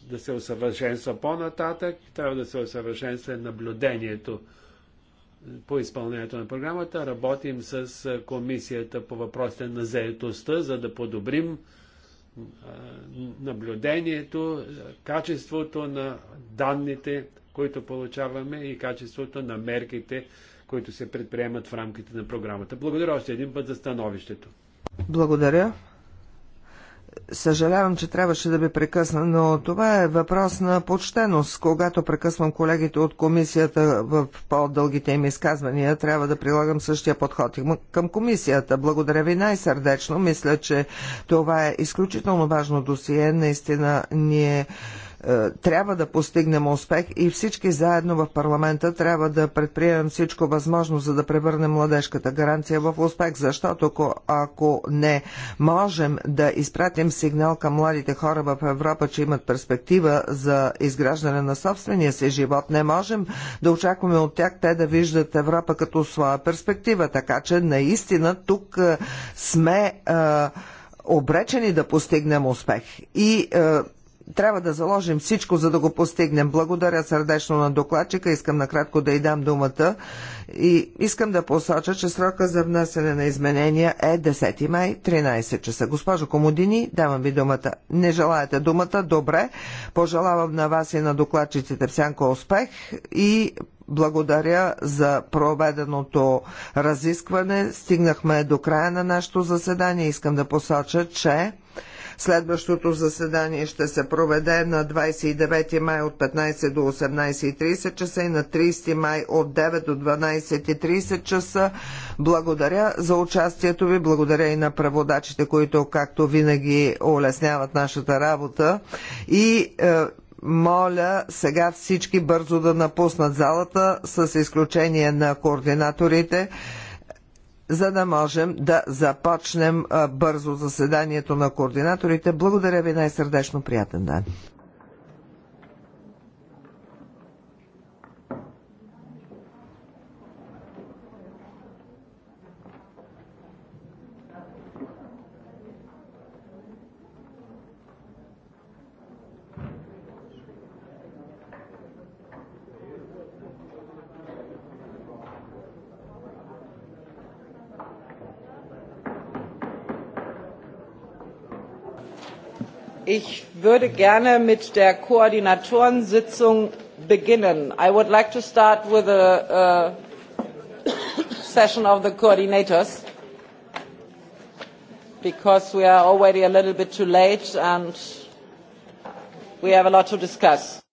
да се усъвършенства по-нататък, трябва да се усъвършенства наблюдението по изпълнението на програмата. Работим с е, комисията по въпросите на заетостта, за да подобрим наблюдението, качеството на данните, които получаваме и качеството на мерките, които се предприемат в рамките на програмата. Благодаря още един път за становището. Благодаря. Съжалявам, че трябваше да бе прекъсна, но това е въпрос на почтеност. Когато прекъсвам колегите от комисията в по-дългите им изказвания, трябва да прилагам същия подход към комисията. Благодаря ви най-сърдечно. Мисля, че това е изключително важно досие. Наистина ние. Е е, трябва да постигнем успех и всички заедно в парламента трябва да предприемем всичко възможно, за да превърнем младежката гаранция в успех, защото ако, ако не можем да изпратим сигнал към младите хора в Европа, че имат перспектива за изграждане на собствения си живот, не можем да очакваме от тях те да виждат Европа като своя перспектива. Така че наистина тук е, сме е, обречени да постигнем успех. И е, трябва да заложим всичко, за да го постигнем. Благодаря сърдечно на докладчика. Искам накратко да й дам думата. И искам да посоча, че срока за внасяне на изменения е 10 май, 13 часа. Госпожо Комодини, давам ви думата. Не желаете думата? Добре. Пожелавам на вас и на докладчиците всянко успех и благодаря за проведеното разискване. Стигнахме до края на нашето заседание. Искам да посоча, че Следващото заседание ще се проведе на 29 май от 15 до 18.30 часа и на 30 май от 9 до 12.30 часа. Благодаря за участието ви, благодаря и на преводачите, които както винаги улесняват нашата работа и е, моля сега всички бързо да напуснат залата, с изключение на координаторите за да можем да започнем бързо заседанието на координаторите. Благодаря ви най-сърдечно. Приятен ден! Ich würde gerne mit der Koordinatorensitzung beginnen. I would like to start with a session of the coordinators because we are already a little bit too late and we have a lot to discuss.